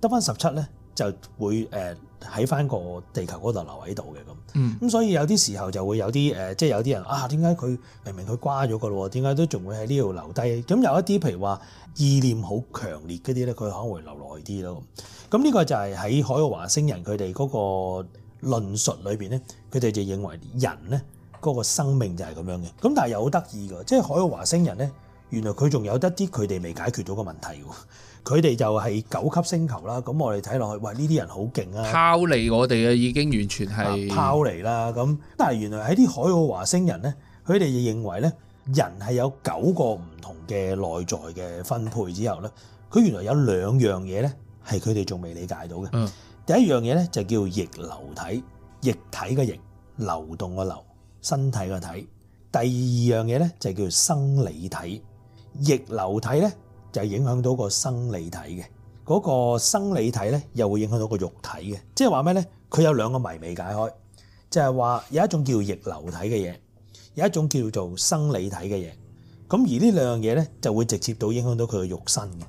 得翻十七咧就會誒喺翻個地球嗰度留喺度嘅咁。咁、嗯、所以有啲時候就會有啲誒，即係有啲人啊，點解佢明明佢瓜咗個咯，點解都仲會喺呢度留低？咁有一啲譬如話意念好強烈嗰啲咧，佢可能會留耐啲咯。咁呢個就係喺海奧華星人佢哋嗰個論述裡面呢，佢哋就認為人呢嗰個生命就係咁樣嘅，但係又好得意㗎，即係海奧華星人呢，原來佢仲有一啲佢哋未解決到嘅問題喎，佢哋就係九級星球啦，我哋睇落去，呢啲人好勁啊。第一樣嘢咧，就叫做液流體，液體嘅液，流動嘅流，身體嘅體。第二樣嘢咧，就叫生理體，液流體咧，就影響到個生理體嘅，嗰個生理體咧，又會影響到個肉體嘅，即係話咩咧？佢有兩個謎未解開，就係話有一種叫液流體嘅嘢，有一種叫做生理體嘅嘢，咁而呢兩樣嘢咧，就會直接到影響到佢個肉身嘅。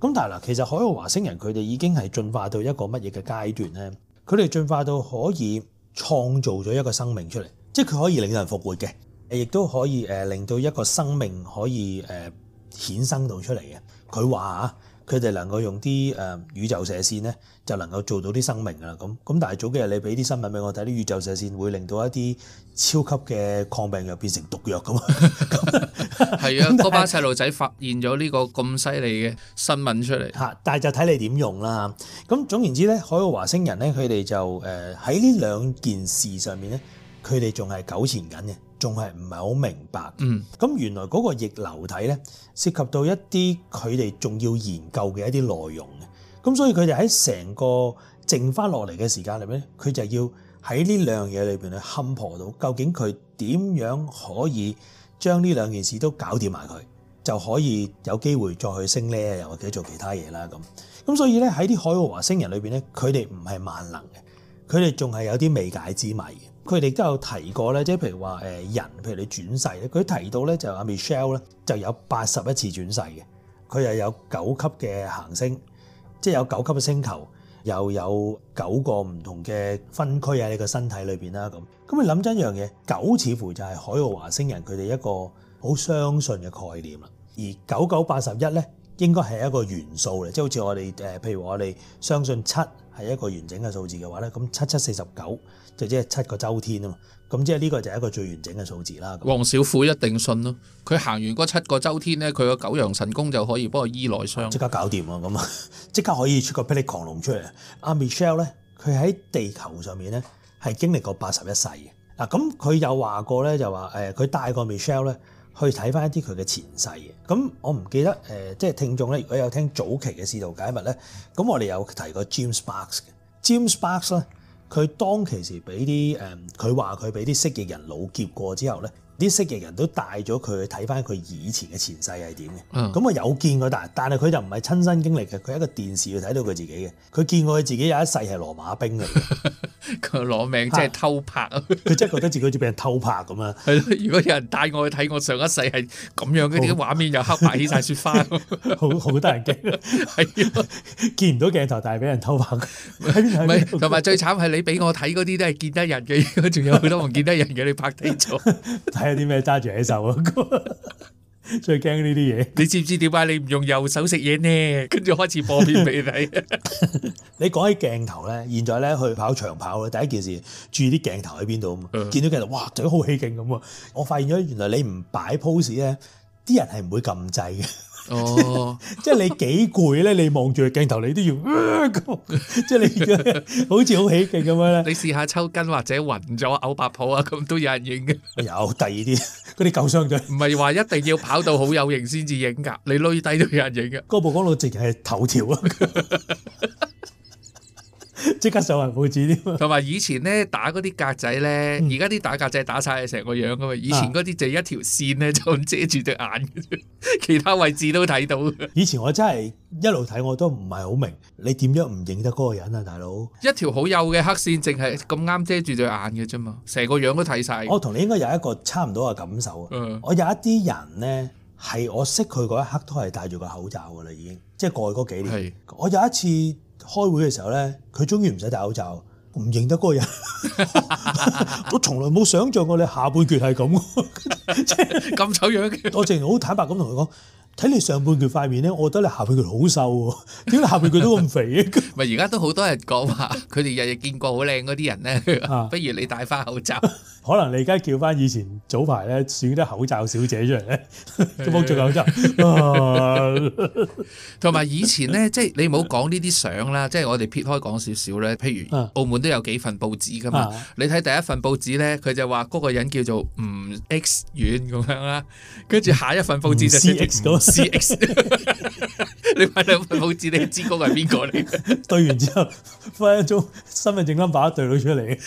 咁但係啦，其實海奧華星人佢哋已經係進化到一個乜嘢嘅階段咧？佢哋進化到可以創造咗一個生命出嚟，即係佢可以令人復活嘅，亦都可以令到一個生命可以誒衍生到出嚟嘅。佢話啊。佢哋能夠用啲誒宇宙射線咧，就能夠做到啲生命啊咁咁。但係早幾日你俾啲新聞俾我睇，啲宇宙射線會令到一啲超級嘅抗病藥變成毒藥咁。係啊，嗰班細路仔發現咗呢個咁犀利嘅新聞出嚟。嚇！但係就睇你點用啦。咁總言之咧，海奧華星人咧，佢哋就誒喺呢兩件事上面咧，佢哋仲係糾纏緊嘅。仲係唔係好明白？嗯，咁原來嗰個逆流體咧，涉及到一啲佢哋仲要研究嘅一啲內容嘅。咁所以佢哋喺成個剩返落嚟嘅時間裏邊，佢就要喺呢兩樣嘢裏邊去勘破到，究竟佢點樣可以將呢兩件事都搞掂埋佢，就可以有機會再去升呢，又或者做其他嘢啦咁。咁所以咧，喺啲海奧華星人裏邊咧，佢哋唔係萬能嘅，佢哋仲係有啲未解之謎。佢哋都有提過咧，即係譬如話誒人，譬如你轉世咧，佢提到咧就阿 Michelle 咧就有八十一次轉世嘅，佢又有九級嘅行星，即係有九級嘅星球，又有九個唔同嘅分區喺你個身體裏邊啦。咁咁你諗真一樣嘢，九似乎就係海奧華星人佢哋一個好相信嘅概念啦。而九九八十一咧，應該係一個元素嚟，即係好似我哋誒，譬如話我哋相信七係一個完整嘅數字嘅話咧，咁七七四十九。就即係七個周天啊嘛，咁即係呢個就係一個最完整嘅數字啦。黃小虎一定信咯，佢行完嗰七個周天咧，佢個九陽神功就可以幫佢醫內傷，即刻搞掂啊！咁啊，即刻可以出個霹靂狂龍出嚟。阿 Michelle 咧，佢喺地球上面咧係經歷過八十一世嘅。嗱，咁佢有話過咧，就話誒，佢帶過 Michelle 咧去睇翻一啲佢嘅前世嘅。咁我唔記得誒、呃，即係聽眾咧，如果有聽早期嘅試圖解密咧，咁我哋有提過 Jim Sparks 嘅，Jim Sparks 咧。佢當其時俾啲誒，佢話佢俾啲蜥蜴人老劫過之後咧。啲蜥蜴人都帶咗佢去睇翻佢以前嘅前世係點嘅，咁、嗯、我有見過，但但係佢就唔係親身經歷嘅，佢一個電視去睇到佢自己嘅，佢見過佢自己有一世係羅馬兵嚟嘅，攞 命即係偷拍，佢、啊、真係覺得自己好似俾人偷拍咁啊！ 如果有人帶我去睇我上一世係咁樣嗰啲畫面，又黑白起晒雪花， 好好得人驚， 見唔到鏡頭，但係俾人偷拍，同埋最慘係你俾我睇嗰啲都係見得人嘅，如果仲有好多唔見得人嘅，你拍地咗。 有啲咩揸住喺手啊？最驚呢啲嘢。你知唔知點解你唔用右手食嘢呢？跟住開始播片俾你。你講起鏡頭咧，現在咧去跑長跑咧，第一件事注意啲鏡頭喺邊度。見到鏡頭，哇，做好起勁咁啊！我發現咗，原來你唔擺 pose 咧，啲人係唔會撳掣嘅。哦， 即係你幾攰咧？你望住鏡頭，你都要、呃， 即係你好似好起勁咁樣咧。 你試下抽筋或者暈咗嘔白泡啊，咁都有人影嘅。有、 哎、第二啲，嗰啲舊傷仔，唔係話一定要跑到好有型先至影噶， 你累低都有人影嘅。嗰 部講到直係頭條啊。 即 刻上環報紙添，同埋以前咧打嗰啲格仔咧，而家啲打格仔打曬成個樣噶嘛，以前嗰啲就一條線咧就遮住對眼，其他位置都睇到。以前我真係一路睇我都唔係好明，你點樣唔認得嗰個人啊，大佬？一條好幼嘅黑線，淨係咁啱遮住對眼嘅啫嘛，成個樣都睇晒。我同你應該有一個差唔多嘅感受。嗯，嗯，我有一啲人咧係我識佢嗰一刻都係戴住個口罩噶啦，已經即係過去嗰幾年。的我有一次。開會嘅時候咧，佢終於唔使戴口罩，唔認得嗰個人。 我從來冇想像過你下半決係咁，咁 醜樣嘅。 我淨係好坦白咁同佢講。睇你上半段塊面咧，我覺得你下半橛好瘦喎。點解下半橛都咁肥？唔係而家都好多人講話，佢哋日日見過好靚嗰啲人咧， 不如你戴翻口罩。 可能你而家叫翻以前早排咧選啲口罩小姐出嚟咧，都冇著口罩。同 埋 以前咧，即係你唔好講呢啲相啦，即係我哋撇開講少少咧。譬如澳門都有幾份報紙噶嘛， 你睇第一份報紙咧，佢就話嗰個人叫做吳 X 遠咁樣啦，跟住下一份報紙就 X， 你買兩份報紙，你知嗰個係邊個嚟？對完之後，忽一宗身份證 number 對到出嚟，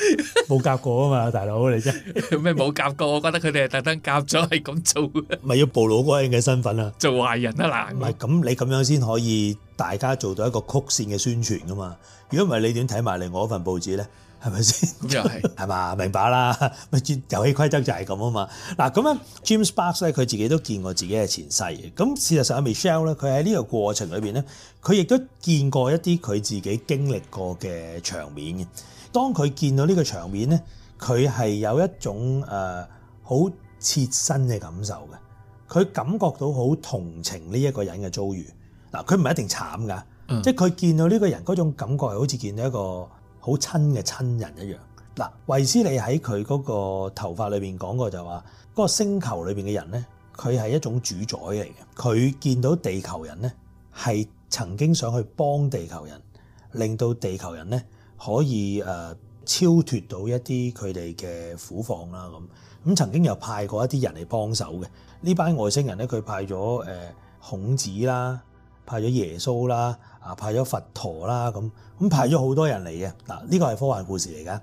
冇夾過啊嘛，大佬你真咩冇夾過？我覺得佢哋係特登夾咗，係咁做的，咪要暴露嗰人嘅身份啊！做壞人啊嗱，唔係咁你咁樣先可以大家做到一個曲線嘅宣傳噶嘛？如果唔係，你點睇埋嚟我份報紙咧？係咪先？又係係嘛？明白啦。咪絕遊戲規則就係咁啊嘛。嗱咁樣，Jim Sparks 咧，佢自己都見過自己嘅前世嘅。咁事實上，Michelle 咧，佢喺呢個過程裏邊咧，佢亦都見過一啲佢自己經歷過嘅場面嘅。當佢見到呢個場面咧，佢係有一種誒好、呃、切身嘅感受嘅。佢感覺到好同情呢一個人嘅遭遇。嗱，佢唔係一定是慘㗎，即係佢見到呢個人嗰種感覺係好似見到一個好親嘅親人一樣。嗱，維斯利喺佢嗰個頭髮裏面講過就話，嗰個星球裏面嘅人呢，佢係一種主宰嚟嘅。佢見到地球人呢，係曾經想去幫地球人，令到地球人呢可以誒超脫到一啲佢哋嘅苦況啦。咁咁曾經又派過一啲人嚟幫手嘅。呢班外星人呢，佢派咗誒孔子啦，派咗耶穌啦。啊！派咗佛陀啦，咁咁派咗好多人嚟嘅嗱。呢個係科幻故事嚟噶。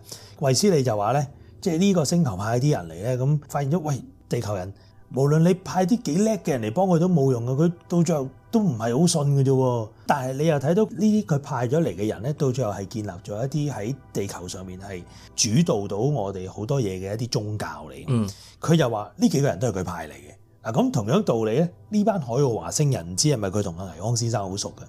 維斯利就話咧，即係呢個星球派啲人嚟咧，咁發現咗，喂，地球人，無論你派啲幾叻嘅人嚟幫佢都冇用嘅。佢到最後都唔係好信嘅啫。但係你又睇到呢啲佢派咗嚟嘅人咧，到最後係建立咗一啲喺地球上面係主導到我哋好多嘢嘅一啲宗教嚟。嗯，佢又話呢幾個人都係佢派嚟嘅嗱。咁同樣道理咧，呢班海奧華星人唔知係咪佢同阿倪康先生好熟嘅？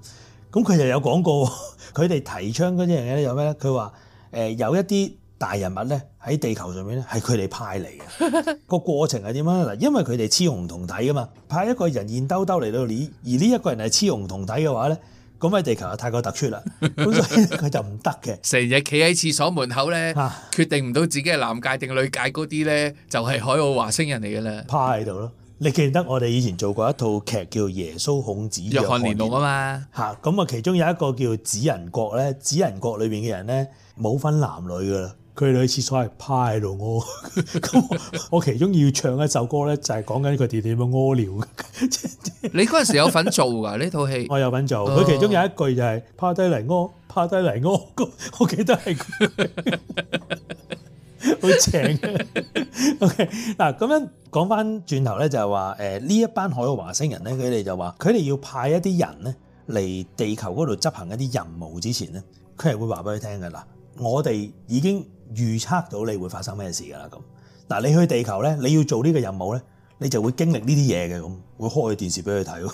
咁佢就有講過，佢哋提倡嗰啲嘢咧，有咩咧？佢話誒有一啲大人物咧喺地球上面咧，係佢哋派嚟嘅。個過程係點樣咧？嗱，因為佢哋雌雄同體㗎嘛，派一個人形兜兜嚟到你，而呢一個人係雌雄同體嘅話咧，咁喺地球就太過突出啦，咁所以佢就唔得嘅。成日企喺廁所門口咧，決定唔到自己係男界定女界嗰啲咧，就係海奧華星人嚟嘅啦，趴喺度咯。你記得我哋以前做過一套劇叫《耶穌孔子》嘅《若翰連儂》啊嘛？咁啊其中有一個叫指人國咧，指人國裏面嘅人咧冇分男女噶啦，佢去廁所係趴喺度屙。咁 我其中要唱一首歌咧，就係講緊佢哋點樣屙尿。你嗰陣時有份做㗎呢套戲？我有份做。佢、哦、其中有一句就係趴低嚟屙，趴低嚟屙。我記得係。 好 正 ，OK 嗱，咁樣講翻轉頭咧，就係話誒呢一班海奧華星人咧，佢哋就話，佢哋要派一啲人咧嚟地球嗰度執行一啲任務之前咧，佢係會話俾佢聽㗎啦，我哋已經預測到你會發生咩事噶啦咁，嗱你去地球咧，你要做呢個任務咧。你就會經歷呢啲嘢嘅，咁，會開電視俾佢睇，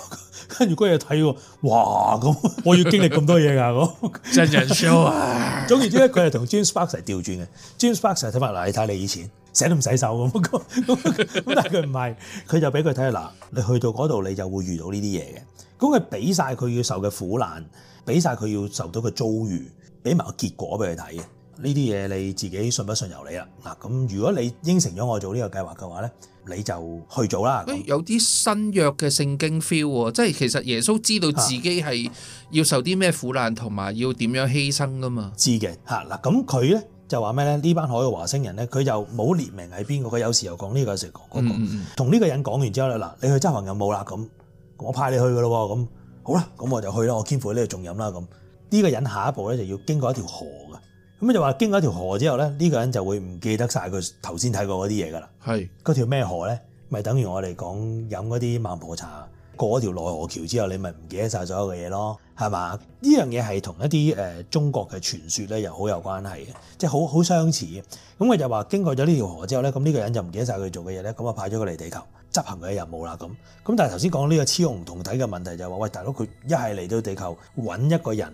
跟住嗰日睇喎，哇！咁我要經歷咁多嘢㗎，咁真人 show 啊總！總然之咧，佢係同 Jim Sparks 調轉嘅。Jim Sparks 睇埋嗱，你睇你以前，寫都唔洗手咁咁，但係佢唔係，佢就俾佢睇下嗱，你去到嗰度，你就會遇到呢啲嘢嘅。咁佢俾晒佢要受嘅苦難，俾晒佢要受到嘅遭遇，俾埋個結果俾佢睇。呢啲嘢你自己信不信由你啦。嗱，咁如果你應承咗我做呢個計劃嘅話呢，你就去做啦。有啲新約嘅聖經 feel 喎，即係其實耶穌知道自己係要受啲咩苦難，同埋要點樣犧牲噶嘛。啊、知嘅嗱，咁、啊、佢呢就話咩呢？呢班海奧華星人呢，佢就冇列明係邊個。佢有時又講呢個,、那個，又講嗰個同呢、嗯嗯、個人講完之後呢，嗱，你去執行任務啦。咁我派你去噶咯。咁好啦，咁我就去啦。我肩負呢個重任啦。咁呢、這個人下一步呢，就要經過一條河嘅。咁咧就話經過一條河之後咧，呢個人就會唔記得晒佢頭先睇過嗰啲嘢噶啦。係嗰條咩河咧？咪等於我哋講飲嗰啲孟婆茶，過咗條奈何橋之後，你咪唔記得晒所有嘅嘢咯，係嘛？呢樣嘢係同一啲誒中國嘅傳說咧，又好有關係嘅，即係好好相似。咁佢就話經過咗呢條河之後咧，咁呢個人就唔記得晒佢做嘅嘢咧，咁啊派咗佢嚟地球執行佢嘅任務啦。咁咁但係頭先講呢個雌雄同體嘅問題就係話喂，大佬佢一係嚟到地球揾一個人。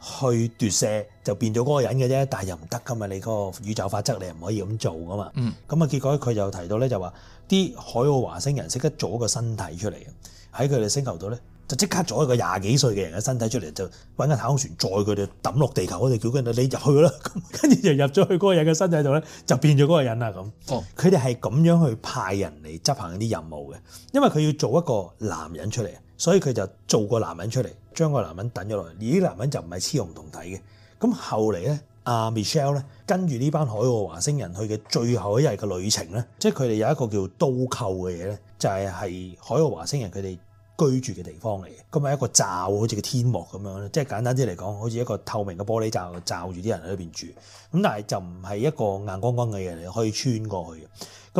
去奪舍就變咗嗰個人嘅啫，但係又唔得噶嘛，你個宇宙法則你唔可以咁做噶嘛。嗯，咁啊結果佢就提到咧，就話啲海奧華星人識得做一個身體出嚟嘅，喺佢哋星球度咧就即刻做一個廿幾歲嘅人嘅身體出嚟，就搵架太空船載佢哋抌落地球，佢哋叫佢哋你入去啦，咁跟住就入咗去嗰個人嘅身體度咧，就變咗嗰個人啦咁。哦，佢哋係咁樣去派人嚟執行啲任務嘅，因為佢要做一個男人出嚟，所以佢就做個男人出嚟。將個男人等咗落嚟，而啲男人就唔係雌雄同體嘅。咁後嚟咧，阿 Michelle 咧跟住呢班海奧華星人去嘅最後一日嘅旅程咧，即係佢哋有一個叫刀扣嘅嘢咧，就係係海奧華星人佢哋居住嘅地方嚟嘅。咁係一個罩，好似個天幕咁樣咧，即係簡單啲嚟講，好似一個透明嘅玻璃罩罩住啲人喺邊住。咁但係就唔係一個硬光光嘅嘢嚟，可以穿過去嘅。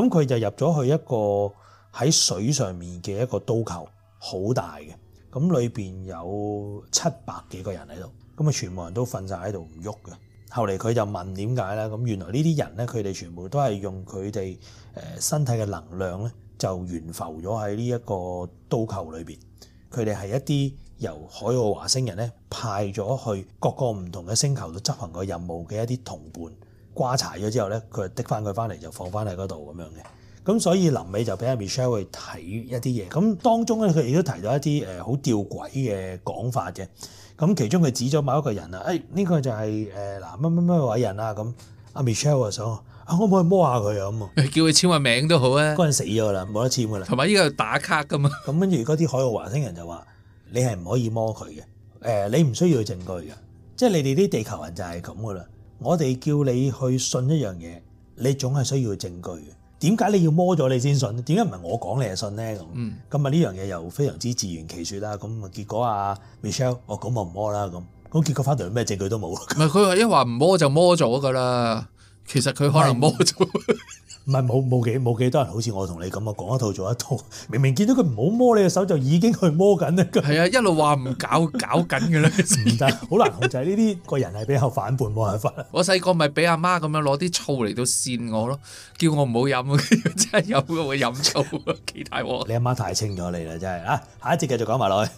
咁佢就入咗去一個喺水上面嘅一個刀扣，好大嘅。.咁裏面有七百幾個人喺度，咁啊全部人都瞓晒喺度唔喐嘅。後嚟佢就問點解呢？咁原來呢啲人咧，佢哋全部都係用佢哋身體嘅能量咧，就懸浮咗喺呢一個刀球裏面。佢哋係一啲由海奧華星人咧派咗去各個唔同嘅星球度執行個任務嘅一啲同伴，瓜柴咗之後咧，佢就滴翻佢翻嚟，就放翻喺嗰度咁樣嘅。咁所以臨尾就俾阿 Michelle 去睇一啲嘢，咁當中咧佢亦都提到一啲誒好吊詭嘅講法嘅。咁其中佢指咗某一個人啊，誒、哎、呢、呢個就係誒嗱乜乜乜位人啊，咁阿 Michelle 就想啊，我唔可以摸下佢啊咁啊，叫佢簽個名都好啊。嗰人死咗啦，冇得簽噶啦。同埋呢個打卡噶嘛。咁跟住嗰啲海奧華星人就話：你係唔可以摸佢嘅，誒你唔需要證據嘅，即係你哋啲地球人就係咁噶啦。我哋叫你去信一樣嘢，你總係需要證據。點解你要摸咗你先信？點解唔係我講你就信咧？咁咁啊呢樣嘢又非常之自圓其說啦。咁啊結果啊 Michelle，我咁我唔摸啦。咁咁結果翻到咩證據都冇。唔係佢話一話唔摸就摸咗㗎啦。 其實佢可能摸咗。 唔係冇冇幾冇幾多人好似我同你咁啊，講一套做一套，明明見到佢唔好摸你嘅手就已經去摸緊啦。係啊，一路話唔搞 搞緊嘅咧，唔得，好難控制，呢啲個人係比較反叛，冇辦法，我細個咪俾阿媽咁樣攞啲醋嚟到扇我咯，叫我唔好飲。真係有冇飲醋啊？幾大鑊？你阿媽，媽太清楚你啦，真係啊！下一節繼續講埋落去，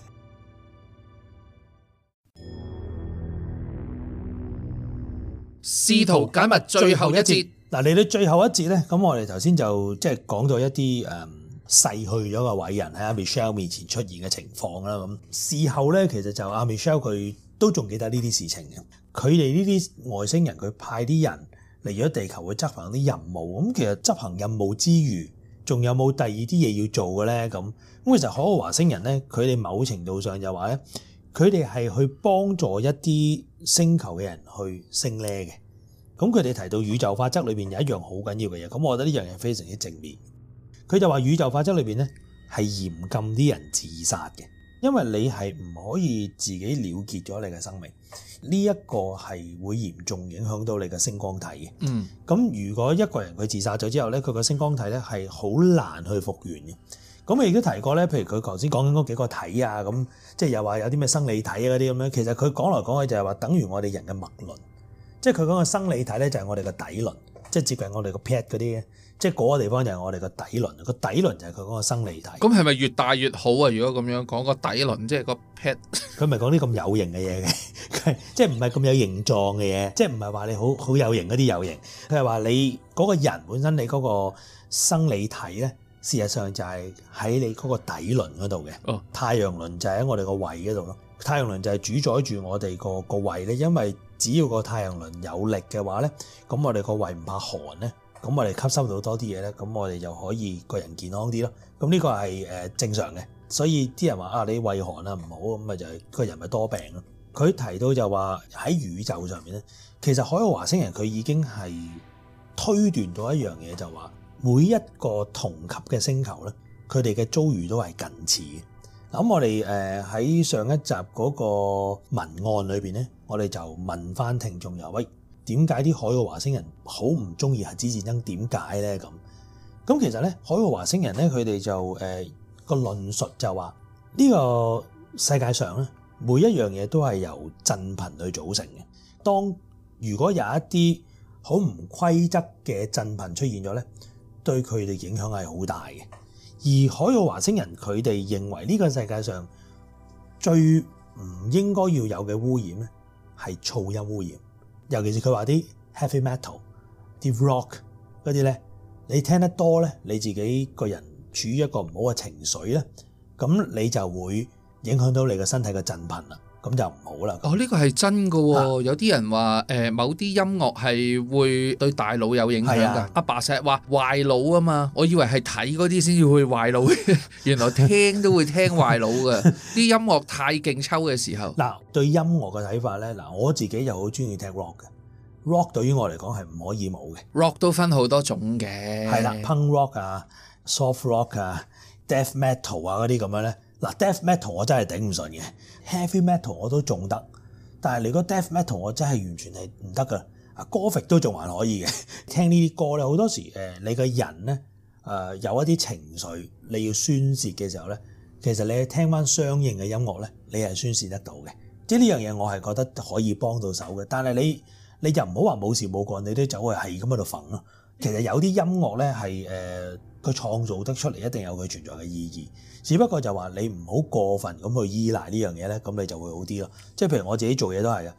試圖解密最後一節。嗱，嚟到最後一節咧，咁我哋頭先就即係講咗一啲誒逝去咗嘅偉人喺阿 Michelle 面前出現嘅情況啦。咁事後咧，其實就阿 Michelle 佢都仲記得呢啲事情嘅。佢哋呢啲外星人，佢派啲人嚟咗地球去執行啲任務。咁其實執行任務之餘，仲有冇第二啲嘢要做嘅咧？咁咁其實海奧華星人咧，佢哋某程度上就話咧，佢哋係去幫助一啲星球嘅人去升呢嘅。咁佢哋提到宇宙法則裏面有一樣好緊要嘅嘢，咁我覺得呢樣嘢非常之正面。佢就話宇宙法則裏面呢係嚴禁啲人自殺嘅，因為你係唔可以自己了結咗你嘅生命，呢一個係會嚴重影響到你嘅星光體嘅。嗯，咁如果一個人佢自殺咗之後呢，佢個星光體呢係好難去復原嘅。咁我亦都提過呢，譬如佢頭先講緊嗰幾個體啊，咁即係又話有啲咩生理體啊嗰啲咁樣，其實佢講嚟講去就係話等於我哋人嘅脈輪。即係佢講個生理體咧，就係我哋個底輪，即係接近我哋個 pad 嗰啲嘅，即係嗰個地方就係我哋個底輪，個底輪就係佢講個生理體。咁係咪越大越好啊？如果咁樣講個底輪個 即，即係個 pad。佢咪講講啲咁有型嘅嘢嘅，即係唔係咁有形狀嘅嘢，即係唔係話你好好有型嗰啲有型。佢係話你嗰、嗰個人本身你嗰個生理體咧，事實上就係喺你嗰個底輪嗰度嘅。哦，太陽輪就喺我哋、嗰個胃嗰度咯。太陽輪就係主宰住我哋個個胃咧，因為。只要個太陽輪有力嘅話咧，咁我哋個胃唔怕寒咧，咁我哋吸收到多啲嘢咧，咁我哋就可以個人健康啲咯。咁呢個係正常嘅，所以啲人話啊，你胃寒啊唔好，咁咪就係個人咪多病咯。佢提到就話喺宇宙上面咧，其實海奧華星人佢已經係推斷到一樣嘢，就話、是、每一個同級嘅星球咧，佢哋嘅遭遇都係近似嘅。咁我哋誒喺上一集嗰個文案裏面咧。我哋就問翻聽眾又喂點解啲海奧華星人好唔中意核子戰爭？點解呢？咁咁？其實呢，海奧華星人呢，佢哋就誒、呃、個論述就話呢、這個世界上呢，每一樣嘢都係由振頻去組成嘅。當如果有一啲好唔規則嘅振頻出現咗呢，對佢哋影響係好大嘅。而海奧華星人佢哋認為呢個世界上最唔應該要有嘅污染呢係噪音污染，尤其是佢話啲 heavy metal、啲 rock 嗰啲咧，你聽得多咧，你自己個人處於一個唔好嘅情緒咧，咁你就會影響到你個身體嘅震頻啦。咁就唔好啦。哦，呢個係真嘅喎，有啲人話誒某啲音樂係會對大腦有影響嘅。阿爸成日話壞腦啊嘛，我以為係睇嗰啲先至會壞腦，原來聽都會聽壞腦嘅。啲音樂太勁抽嘅時候。嗱，對音樂嘅睇法咧，嗱，我自己又好中意聽 rock 嘅，rock 對於我嚟講係唔可以冇嘅。rock 都分好多種嘅。係啦，punk rock 啊，soft rock 啊，death metal 啊嗰啲咁樣咧。嗱，death metal 我真係頂唔順嘅，heavy metal 我都仲得，但係你個 death metal 我真係完全係唔得㗎。啊 gothic 都仲還可以嘅， 聽呢啲歌咧，好多時誒你個人咧誒有一啲情緒你要宣泄嘅時候咧，其實你聽翻相應嘅音樂咧，你係宣泄得到嘅。即係呢樣嘢我係覺得可以幫到手嘅。但係你你就唔好話冇事冇幹，你，無無你都走去係咁喺度憤咯。其實有啲音樂咧係誒佢創造得出嚟一定有佢存在嘅意義。只不過就話你唔好過分咁去依賴呢樣嘢咧，咁你就會好啲咯。即係譬如我自己做嘢都係啊，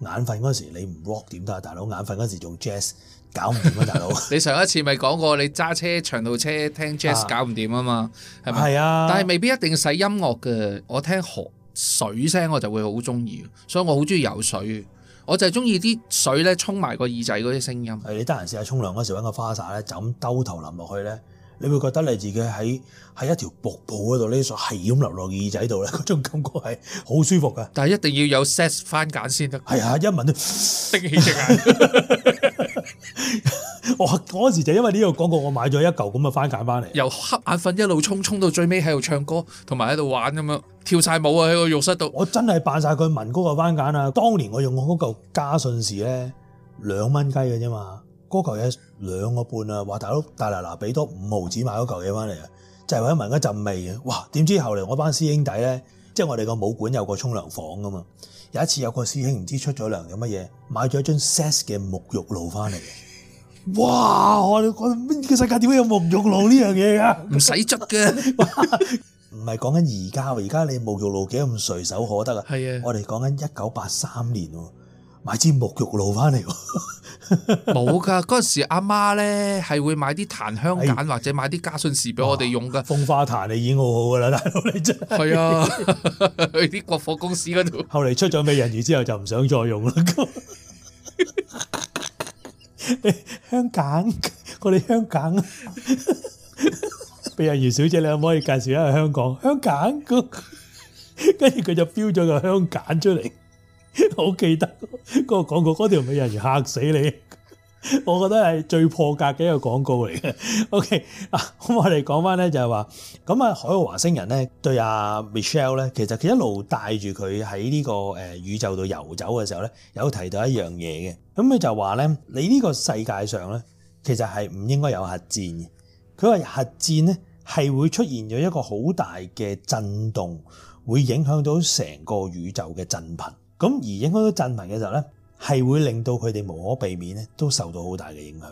眼瞓嗰時你唔 rock 點得啊，大佬！眼瞓嗰時用 jazz 搞唔掂啊，大佬！ 你上一次咪講過你揸車長途車聽 jazz 搞唔掂啊嘛，係咪？係啊。啊但係未必一定要使音樂嘅。我聽河水聲我就會好中意，所以我好中意游水。我就係中意啲水咧沖埋個耳仔嗰啲聲音。你得閒試下沖涼嗰時揾個花灑咧，就咁兜頭淋落去咧。你會覺得你自己喺喺一條瀑布嗰度，呢索係咁流落耳仔度咧，嗰種感覺係好舒服噶。但係一定要有 Zest 番梘先得。係、哎、啊，一聞都吸起隻眼。 我嗰時就因為呢個廣告，我買咗一嚿咁嘅番梘翻嚟，由黑眼瞓一路沖沖到最尾喺度唱歌，同埋喺度玩咁樣跳晒舞啊喺個浴室度。我真係扮晒佢聞個番梘啊！當年我用我嗰嚿嘉信時咧，兩蚊雞嘅啫嘛。嗰嚿嘢兩個半啊，哇！大佬大拿拿俾多五毫紙買嗰嚿嘢翻嚟啊，就係、是、為咗聞一陣味嘅。哇！點知後嚟我班師兄弟咧，即係我哋個武館有個沖涼房噶嘛。有一次有個師兄唔知出咗糧有乜嘢，買咗一樽 Ses 嘅沐浴露翻嚟嘅。哇！我哋講呢個世界點解有沐浴露呢樣嘢㗎？唔使捽嘅。唔係講緊而家喎，而家你沐浴露幾咁隨手可得啊？係啊，我哋講緊一九八三年喎。買支沐浴露翻嚟， 冇噶。嗰陣時，阿媽咧係會買啲檀香梘或者買啲家信士俾我哋用嘅。風花檀你已經好好噶啦，大佬你真係啊，去啲國貨公司嗰度。後嚟出咗美人魚之後就唔想再用啦。 香港，我哋香港， 美人魚小姐，你可唔可以介紹一下香港？香港，跟住佢就標咗個香梘出嚟。好 記得嗰個廣告，嗰條美人魚嚇死你。我覺得係最破格嘅一個廣告嚟嘅。O.K. 咁我哋講翻咧就係話咁啊，海奧華星人咧對阿 Michelle 咧，其實佢一路帶住佢喺呢個誒宇宙度遊走嘅時候咧，有提到一樣嘢嘅。咁佢就話咧，你呢個世界上咧，其實係唔應該有核戰嘅。佢話核戰咧係會出現咗一個好大嘅震動，會影響到成個宇宙嘅振頻。咁而影響到震民嘅時候咧，係會令到佢哋無可避免咧，都受到好大嘅影響。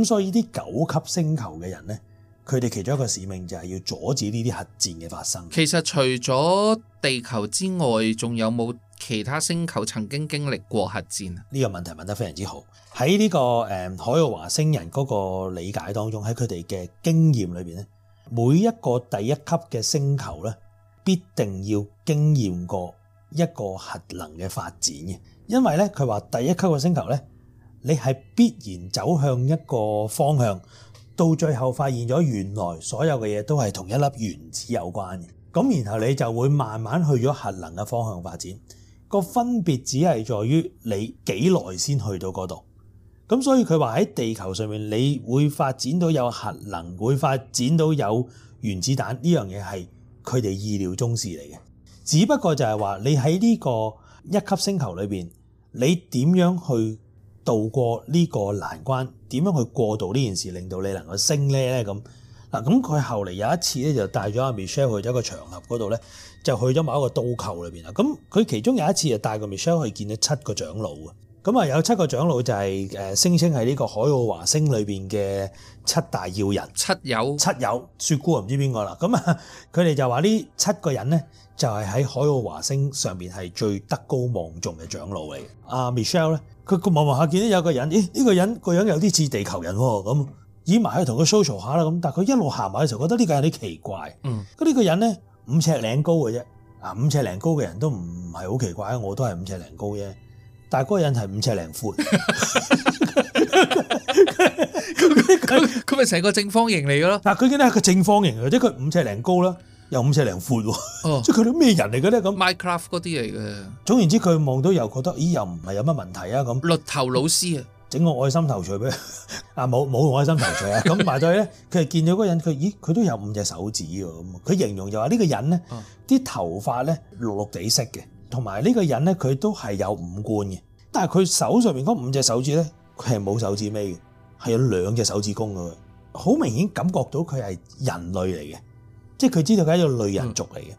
咁所以啲九級星球嘅人咧，佢哋其中一個使命就係要阻止呢啲核戰嘅發生。其實除咗地球之外，仲有冇其他星球曾經經歷過核戰？呢個問題問得非常之好，呢個。喺呢個誒海奧華星人嗰個理解當中，喺佢哋嘅經驗裏面，咧，每一個第一級嘅星球咧，必定要經驗過。一個核能嘅發展嘅，因為咧佢話第一級嘅星球咧，你係必然走向一個方向，到最後發現咗原來所有嘅嘢都係同一粒原子有關嘅，咁然後你就會慢慢去咗核能嘅方向發展，個分別只係在於你幾耐先去到嗰度，咁所以佢話喺地球上面，你會發展到有核能，會發展到有原子彈呢樣嘢，係佢哋意料中事嚟嘅。只不過就係話你喺呢個一級星球裏面，你點樣去渡過呢個難關？點樣去過渡呢件事，令到你能夠升咧？咁嗱，咁佢後嚟有一次咧，就帶咗阿 Michelle 去咗一個場合嗰度咧，就去咗某一個刀球裏面啊。咁佢其中有一次就帶個 Michelle 去見咗七個長老啊。咁啊，有七個長老就係誒聲稱係呢個海奧華星裏面嘅七大要人，七友，七友雪姑唔知邊個啦。咁啊，佢哋就話呢七個人咧。就係、是、喺海奧華星上邊係最德高望重嘅長老嚟嘅。阿 Michelle 咧，佢望望下見到有個人，哎，咦、這、呢個人、這個樣有啲似地球人咁，哦，掩埋去同佢 social 下啦咁。但係佢一路行埋嘅時候，覺得呢個人有啲奇怪。嗯，咁呢個人咧，五尺零高嘅啫，啊五尺零高嘅人都唔係好奇怪啊，我都係五尺零高啫。但係嗰個人係五尺零寬，佢佢咪成個正方形嚟嘅咯？嗱，佢見到係個正方形，或者佢五尺零高啦。又五尺零闊喎，即係佢啲咩人嚟嘅咧？咁 Minecraft 嗰啲嚟嘅。總言之，佢望到又覺得，咦，又唔係有乜問題啊咁。綠頭老師啊，整個愛心頭像俾佢啊，冇冇愛心頭像啊。咁埋在咧，佢見到嗰個人，佢咦，佢都有五隻手指喎。咁佢形容就話呢個人咧，啲頭髮咧綠綠哋色嘅，同埋呢個人咧佢都係有五官嘅，但係佢手上邊嗰五隻手指咧，佢係冇手指尾嘅，係有兩隻手指公嘅，好明顯感覺到佢係人類嚟嘅。即係佢知道佢係一個類人族嚟嘅，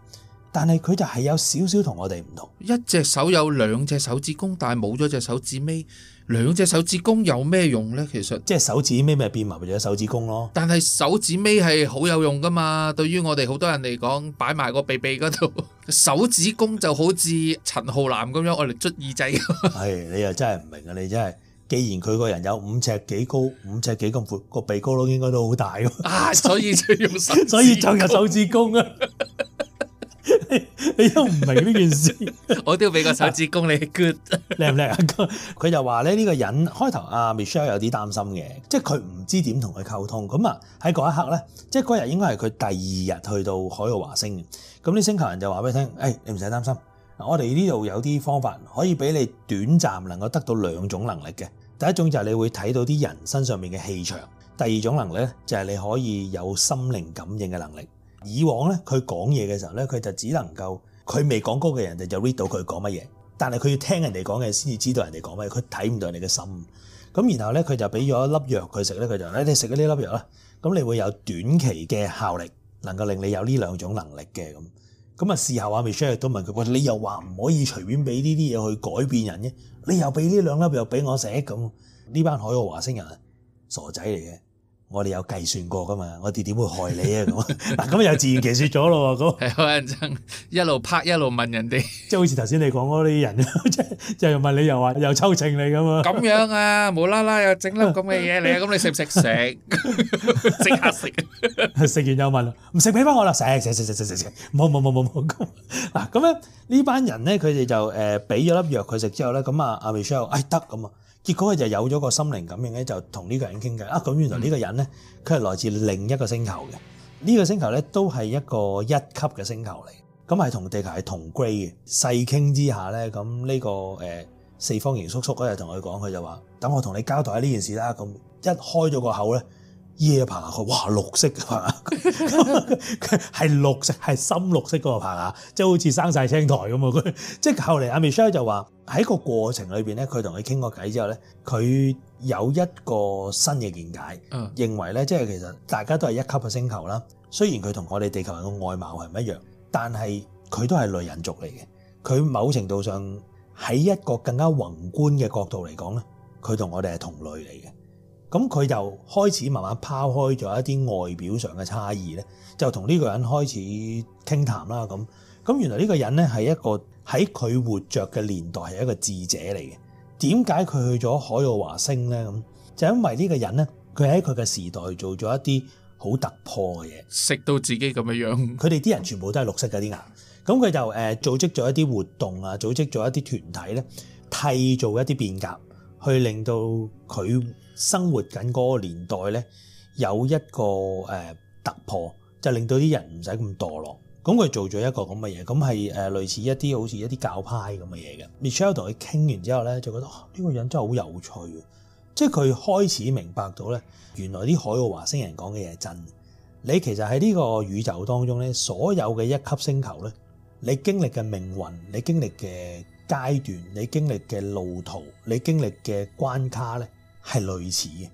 但係佢就係有少少同我哋唔同。一隻手有兩隻手指公，但係冇咗隻手指尾，兩隻手指公有咩用呢？其實即係手指尾咪變埋隻手指公咯。但係手指尾係好有用噶嘛。對於我哋好多人嚟講，擺埋個鼻鼻嗰度，手指公就好似陳浩南咁樣，哎，我嚟卒耳仔。係，你又真係唔明啊！你真係。既然佢個人有五尺幾高，五尺幾咁闊，個鼻哥窿應該都好大喎。啊，所以就用手，所以就有手指公啊， 啊！你都唔明呢件事，我都要俾個手指公你。Good，靚唔靚啊？佢就話咧，呢個人開頭阿 Michelle 有啲擔心嘅，即係佢唔知點同佢溝通。咁啊喺嗰一刻咧，即係嗰日應該係佢第二日去到海奧華星。咁啲星球人就話俾佢聽：誒，你唔使擔心。我哋呢度有啲方法可以俾你短暫能夠得到兩種能力嘅。第一種就係你會睇到啲人身上面嘅氣場；第二種能力咧就係你可以有心靈感應嘅能力。以往咧，佢講嘢嘅時候咧，佢就只能夠佢未講高嘅人哋就 read 到佢講乜嘢，但係佢要聽人哋講嘅先至知道人哋講乜嘢，佢睇唔到你嘅心。咁然後咧，佢就俾咗一粒藥佢食咧，佢就咧你食咗呢粒藥啦，咁你會有短期嘅效力，能夠令你有呢兩種能力嘅咁。咁啊，事後啊，Michelle 都問佢，你又話唔可以隨便俾呢啲嘢去改變人嘅？你又俾呢兩粒，又俾我食咁，呢班海奧華星人傻仔嚟嘅。我哋有計算過噶嘛？我哋點會害你啊？咁嗱，咁又自圓其説咗咯喎！咁係好認真，一路拍一路問人哋，即係好似頭先你講嗰啲人，即係又問你又話又抽秤你咁啊？咁樣啊，無啦啦又整粒咁嘅嘢嚟啊！咁你食唔食？食，即刻食，食完又問，唔食俾翻我啦！食食食食食食食，冇冇冇冇冇。咁嗱，咁樣呢班人咧，佢哋就誒俾咗粒藥佢食之後咧，咁啊阿 Michelle，哎得咁啊！結果佢就有咗個心靈感應咧，就同呢個人傾偈。啊，咁原來呢個人咧，佢係來自另一個星球嘅。呢、呢個星球咧都係一個一級嘅星球嚟，咁係同地球係同歸嘅。細傾之下咧，咁、這、呢個誒、呃、四方形叔叔嗰日同佢講，佢就話：等我同你交代下呢件事啦。咁一開咗個口咧。椰棚啊，哇，綠色嘅棚啊，係綠色，係深綠色嗰個棚啊，即係好似生晒青苔咁啊！佢即係後嚟阿 Michelle 就話喺個過程裏面，咧，佢同佢傾過偈之後咧，佢有一個新嘅見解，嗯、認為咧即係其實大家都係一級嘅星球啦。雖然佢同我哋地球人嘅外貌係唔一樣，但係佢都係類人族嚟嘅。佢某程度上喺一個更加宏觀嘅角度嚟講咧，佢同我哋係同類嚟嘅。咁佢就開始慢慢拋開咗一啲外表上嘅差異咧，就同呢個人開始傾談啦。咁咁原來呢個人咧係一個喺佢活著嘅年代係一個智者嚟嘅。點解佢去咗海奧華星咧？咁就因為呢個人咧，佢喺佢嘅時代做咗一啲好突破嘅嘢。食到自己咁嘅樣，佢哋啲人全部都係綠色嗰啲牙。咁佢就誒組織咗一啲活動啊，組織咗一啲團體咧，替做一啲變革，去令到佢。生活緊嗰個年代咧，有一個誒突破，就令到啲人唔使咁墮落。咁佢做咗一個咁嘅嘢，咁係誒類似一啲好似一啲教派咁嘅嘢嘅。Michelle 同佢傾完之後咧，就覺得呢、哦這個人真係好有趣，即係佢開始明白到咧，原來啲海奧華星人講嘅嘢係真。你其實喺呢個宇宙當中咧，所有嘅一級星球咧，你經歷嘅命運、你經歷嘅階段、你經歷嘅路途、你經歷嘅關卡咧。係類似嘅，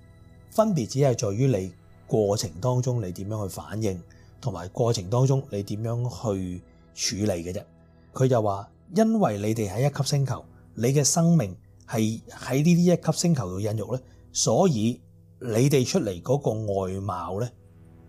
分別只係在於你過程當中你點樣去反應，同埋過程當中你點樣去處理嘅啫。佢就話，因為你哋喺一級星球，你嘅生命係喺呢啲一級星球度孕育咧，所以你哋出嚟嗰個外貌咧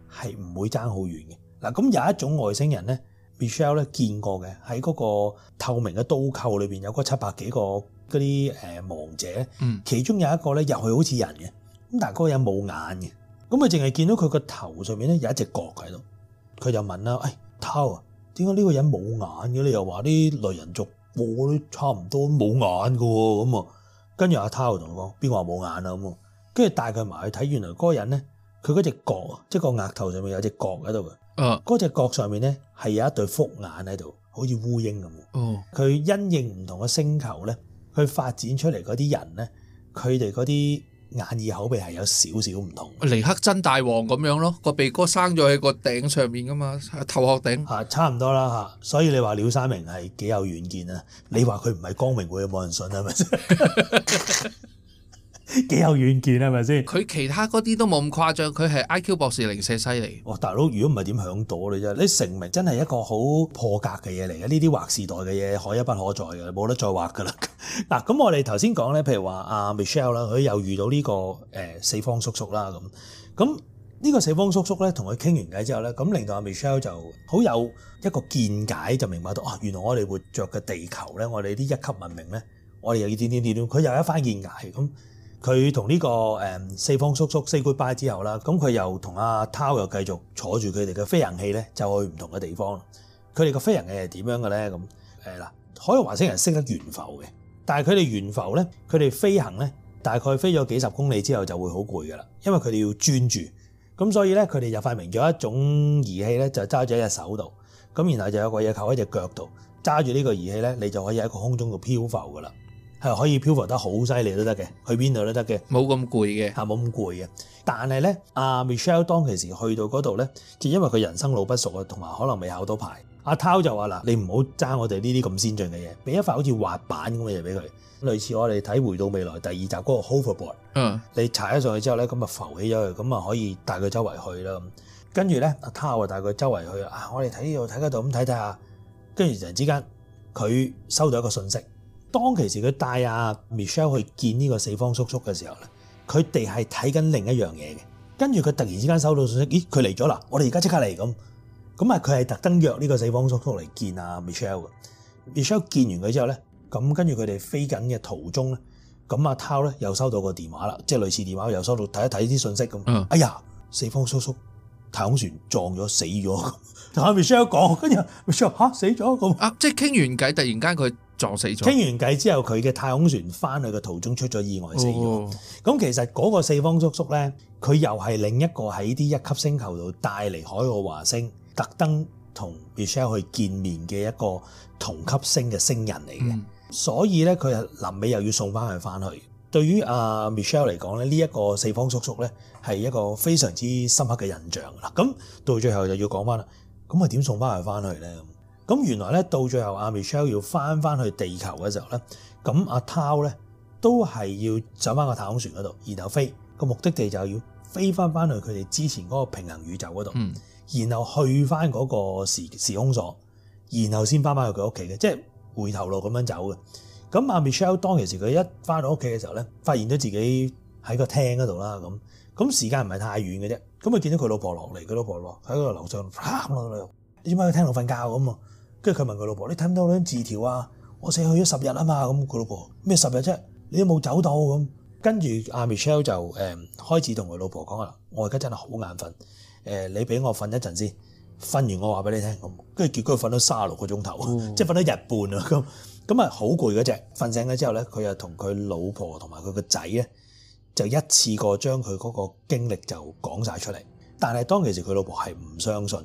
係唔會爭好遠嘅。嗱，咁有一種外星人咧，Michelle 咧見過嘅，喺嗰個透明嘅刀扣裏面有嗰七百幾個。嗰啲誒亡者，嗯，其中有一個咧，入去好似人嘅咁，但係嗰個人冇眼嘅，咁咪淨係見到佢個頭上面咧有一隻角喺度。佢就問啦：誒，Tao 啊，點解呢個人冇眼嘅？你又話啲類人族我都差唔多冇眼嘅喎，啊。咁啊，跟住阿 Tao 同佢講：邊個話冇眼啊？咁啊，跟住帶佢埋去睇，原來嗰個人咧，佢嗰隻角即係、就是、個額頭上面有隻角喺度嘅。嗯、啊，嗰隻角上面咧係有一對複眼喺度，好似烏蠅咁。哦，佢因應唔同嘅星球咧，去發展出嚟嗰啲人咧，佢哋嗰啲眼耳口鼻係有少少唔同。尼克真大王咁樣咯，個鼻哥生咗喺個頂上面噶嘛，頭殼頂。嚇，差唔多啦嚇，所以你話廖三明係幾有遠見啊？你話佢唔係光明會，冇人信係咪？ 幾有遠見係咪先？佢其他嗰啲都冇咁誇張，佢係 IQ 博士零舍犀利。哦，大佬，如果唔係點響到你啫？你成名真係一個好破格嘅嘢嚟嘅，呢啲劃時代嘅嘢可一不可再嘅，冇得再畫㗎啦。嗱，咁我哋頭先講咧，譬如話阿 Michelle 啦，佢又遇到呢個誒四方叔叔啦咁。咁呢個四方叔叔咧，同佢傾完偈之後咧，咁令到阿 Michelle 就好有一個見解，就明白到啊、哦、原來我哋活着嘅地球咧，我哋啲一級文明咧，我哋又要點點點點，佢又一番見解咁。佢同呢個誒四方叔叔 say goodbye 之後啦，咁佢又同阿濤又繼續坐住佢哋嘅飛行器咧，就去唔同嘅地方。佢哋個飛行器係點樣嘅咧？咁誒嗱，海奧華星人識得懸浮嘅，但係佢哋懸浮咧，佢哋飛行咧，大概飛咗幾十公里之後就會好攰噶啦，因為佢哋要專注。咁所以咧，佢哋就發明咗一種儀器咧，就揸住喺隻手度，咁然後就有一個嘢扣喺隻腳度，揸住呢個儀器咧，你就可以喺個空中度漂浮噶啦。係可以漂浮得好犀利都得嘅，去邊度都得嘅，冇咁攰嘅，吓，冇咁攰嘅。但係咧，阿 Michelle 當其時去到嗰度咧，就因為佢人生路不熟啊，同埋可能未考到牌。阿滔就話啦，你唔好揸我哋呢啲咁先進嘅嘢，俾一塊好似滑板咁嘅嘢俾佢，類似我哋睇回到未來第二集嗰個 hoverboard。嗯，你踩咗上去之後咧，咁啊浮起咗去，咁啊可以帶佢周圍去啦。跟住咧，阿滔就帶佢周圍去啊，我哋睇呢度睇嗰度，咁睇睇下，跟住突然之間佢收到一個訊息。當其時，佢帶阿 Michelle 去見呢個四方叔叔嘅時候咧，佢哋係睇緊另一樣嘢嘅。跟住佢突然之間收到信息，咦，佢嚟咗啦！我哋而家即刻嚟咁。咁啊，佢係特登約呢個四方叔叔嚟見阿 Michelle 嘅、mm-hmm.。Michelle 見完佢之後咧，咁跟住佢哋飛緊嘅途中咧，咁阿濤咧又收到個電話啦，即係類似電話又收到睇一睇啲信息咁。Mm-hmm. 哎呀，四方叔叔太空船撞咗死咗，同阿 Michelle 講。跟住 Michelle, Michelle、啊、嚇死咗咁。啊！即係傾完偈，突然間佢。撞死咗。傾完偈之後，佢嘅太空船翻去嘅途中出咗意外死咗。咁其實嗰個四方叔叔咧，佢又係另一個喺啲一級星球度帶嚟海奧華星，特登同 Michelle 去見面嘅一個同級星嘅星人嚟嘅。所以咧，佢臨尾又要送翻去翻去。對於阿 Michelle 嚟講咧，呢一個四方叔叔咧係一個非常之深刻嘅印象啦。咁到最後就要講翻啦。咁係點送翻去翻去咧？咁原來咧，到最後阿 Michelle 要翻翻去地球嘅時候咧，咁阿 Tao 咧都係要走翻個太空船嗰度，然後飛個目的地就要飛翻翻去佢哋之前嗰個平行宇宙嗰度，然後去翻嗰個時時空所，然後先翻翻去佢屋企嘅，即係回頭路咁樣走嘅。咁、啊、阿 Michelle 當其時佢一翻到屋企嘅時候咧，發現咗自己喺個廳嗰度啦，咁咁時間唔係太遠嘅啫，咁佢見到佢老婆落嚟，佢老婆喺個樓上，啪落嚟，你做咩喺廳度瞓覺咁啊？跟住佢問佢老婆，你睇唔到我張字條啊？我死去咗十日啊嘛！咁佢老婆，咩十日啫？你都冇走到咁。跟住阿 Michelle 就誒開始同佢老婆講啊，我而家真係好眼瞓誒，你俾我瞓一陣先，瞓完我話俾你聽咁。跟住結果佢瞓咗三十六個鐘頭，即係瞓咗日半啊咁。咁啊好攰嗰隻。瞓醒咗之後咧，佢又同佢老婆同埋佢個仔咧，就一次過將佢嗰個經歷就講晒出嚟。但係當其時佢老婆係唔相信嘅。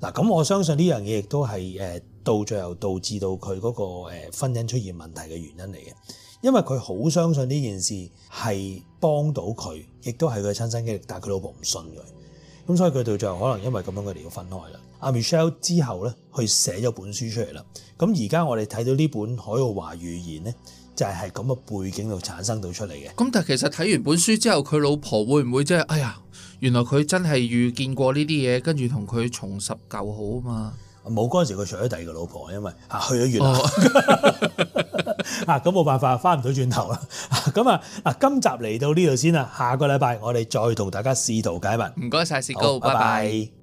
嗱，咁我相信呢樣嘢亦都係誒。到最後導致到佢嗰個婚姻出現問題嘅原因嚟嘅，因為佢好相信呢件事係幫到佢，亦都係佢親身經歷，但係佢老婆唔信佢，咁所以佢到最後可能因為咁樣，佢哋要分開啦。阿 Michelle 之後咧，去寫咗本書出嚟啦。咁而家我哋睇到呢本《海奧華預言》咧，就係喺咁嘅背景度產生到出嚟嘅。咁但係其實睇完本書之後，佢老婆會唔會即係哎呀，原來佢真係遇見過呢啲嘢，跟住同佢重拾舊好啊嘛？冇嗰陣時，佢除咗第二個老婆，因為嚇去咗越南，啊咁冇辦法，翻唔到轉頭啦。咁啊，啊今集嚟到呢度先啦，下個禮拜我哋再同大家試圖解密。唔該晒，薛高，拜拜。拜拜。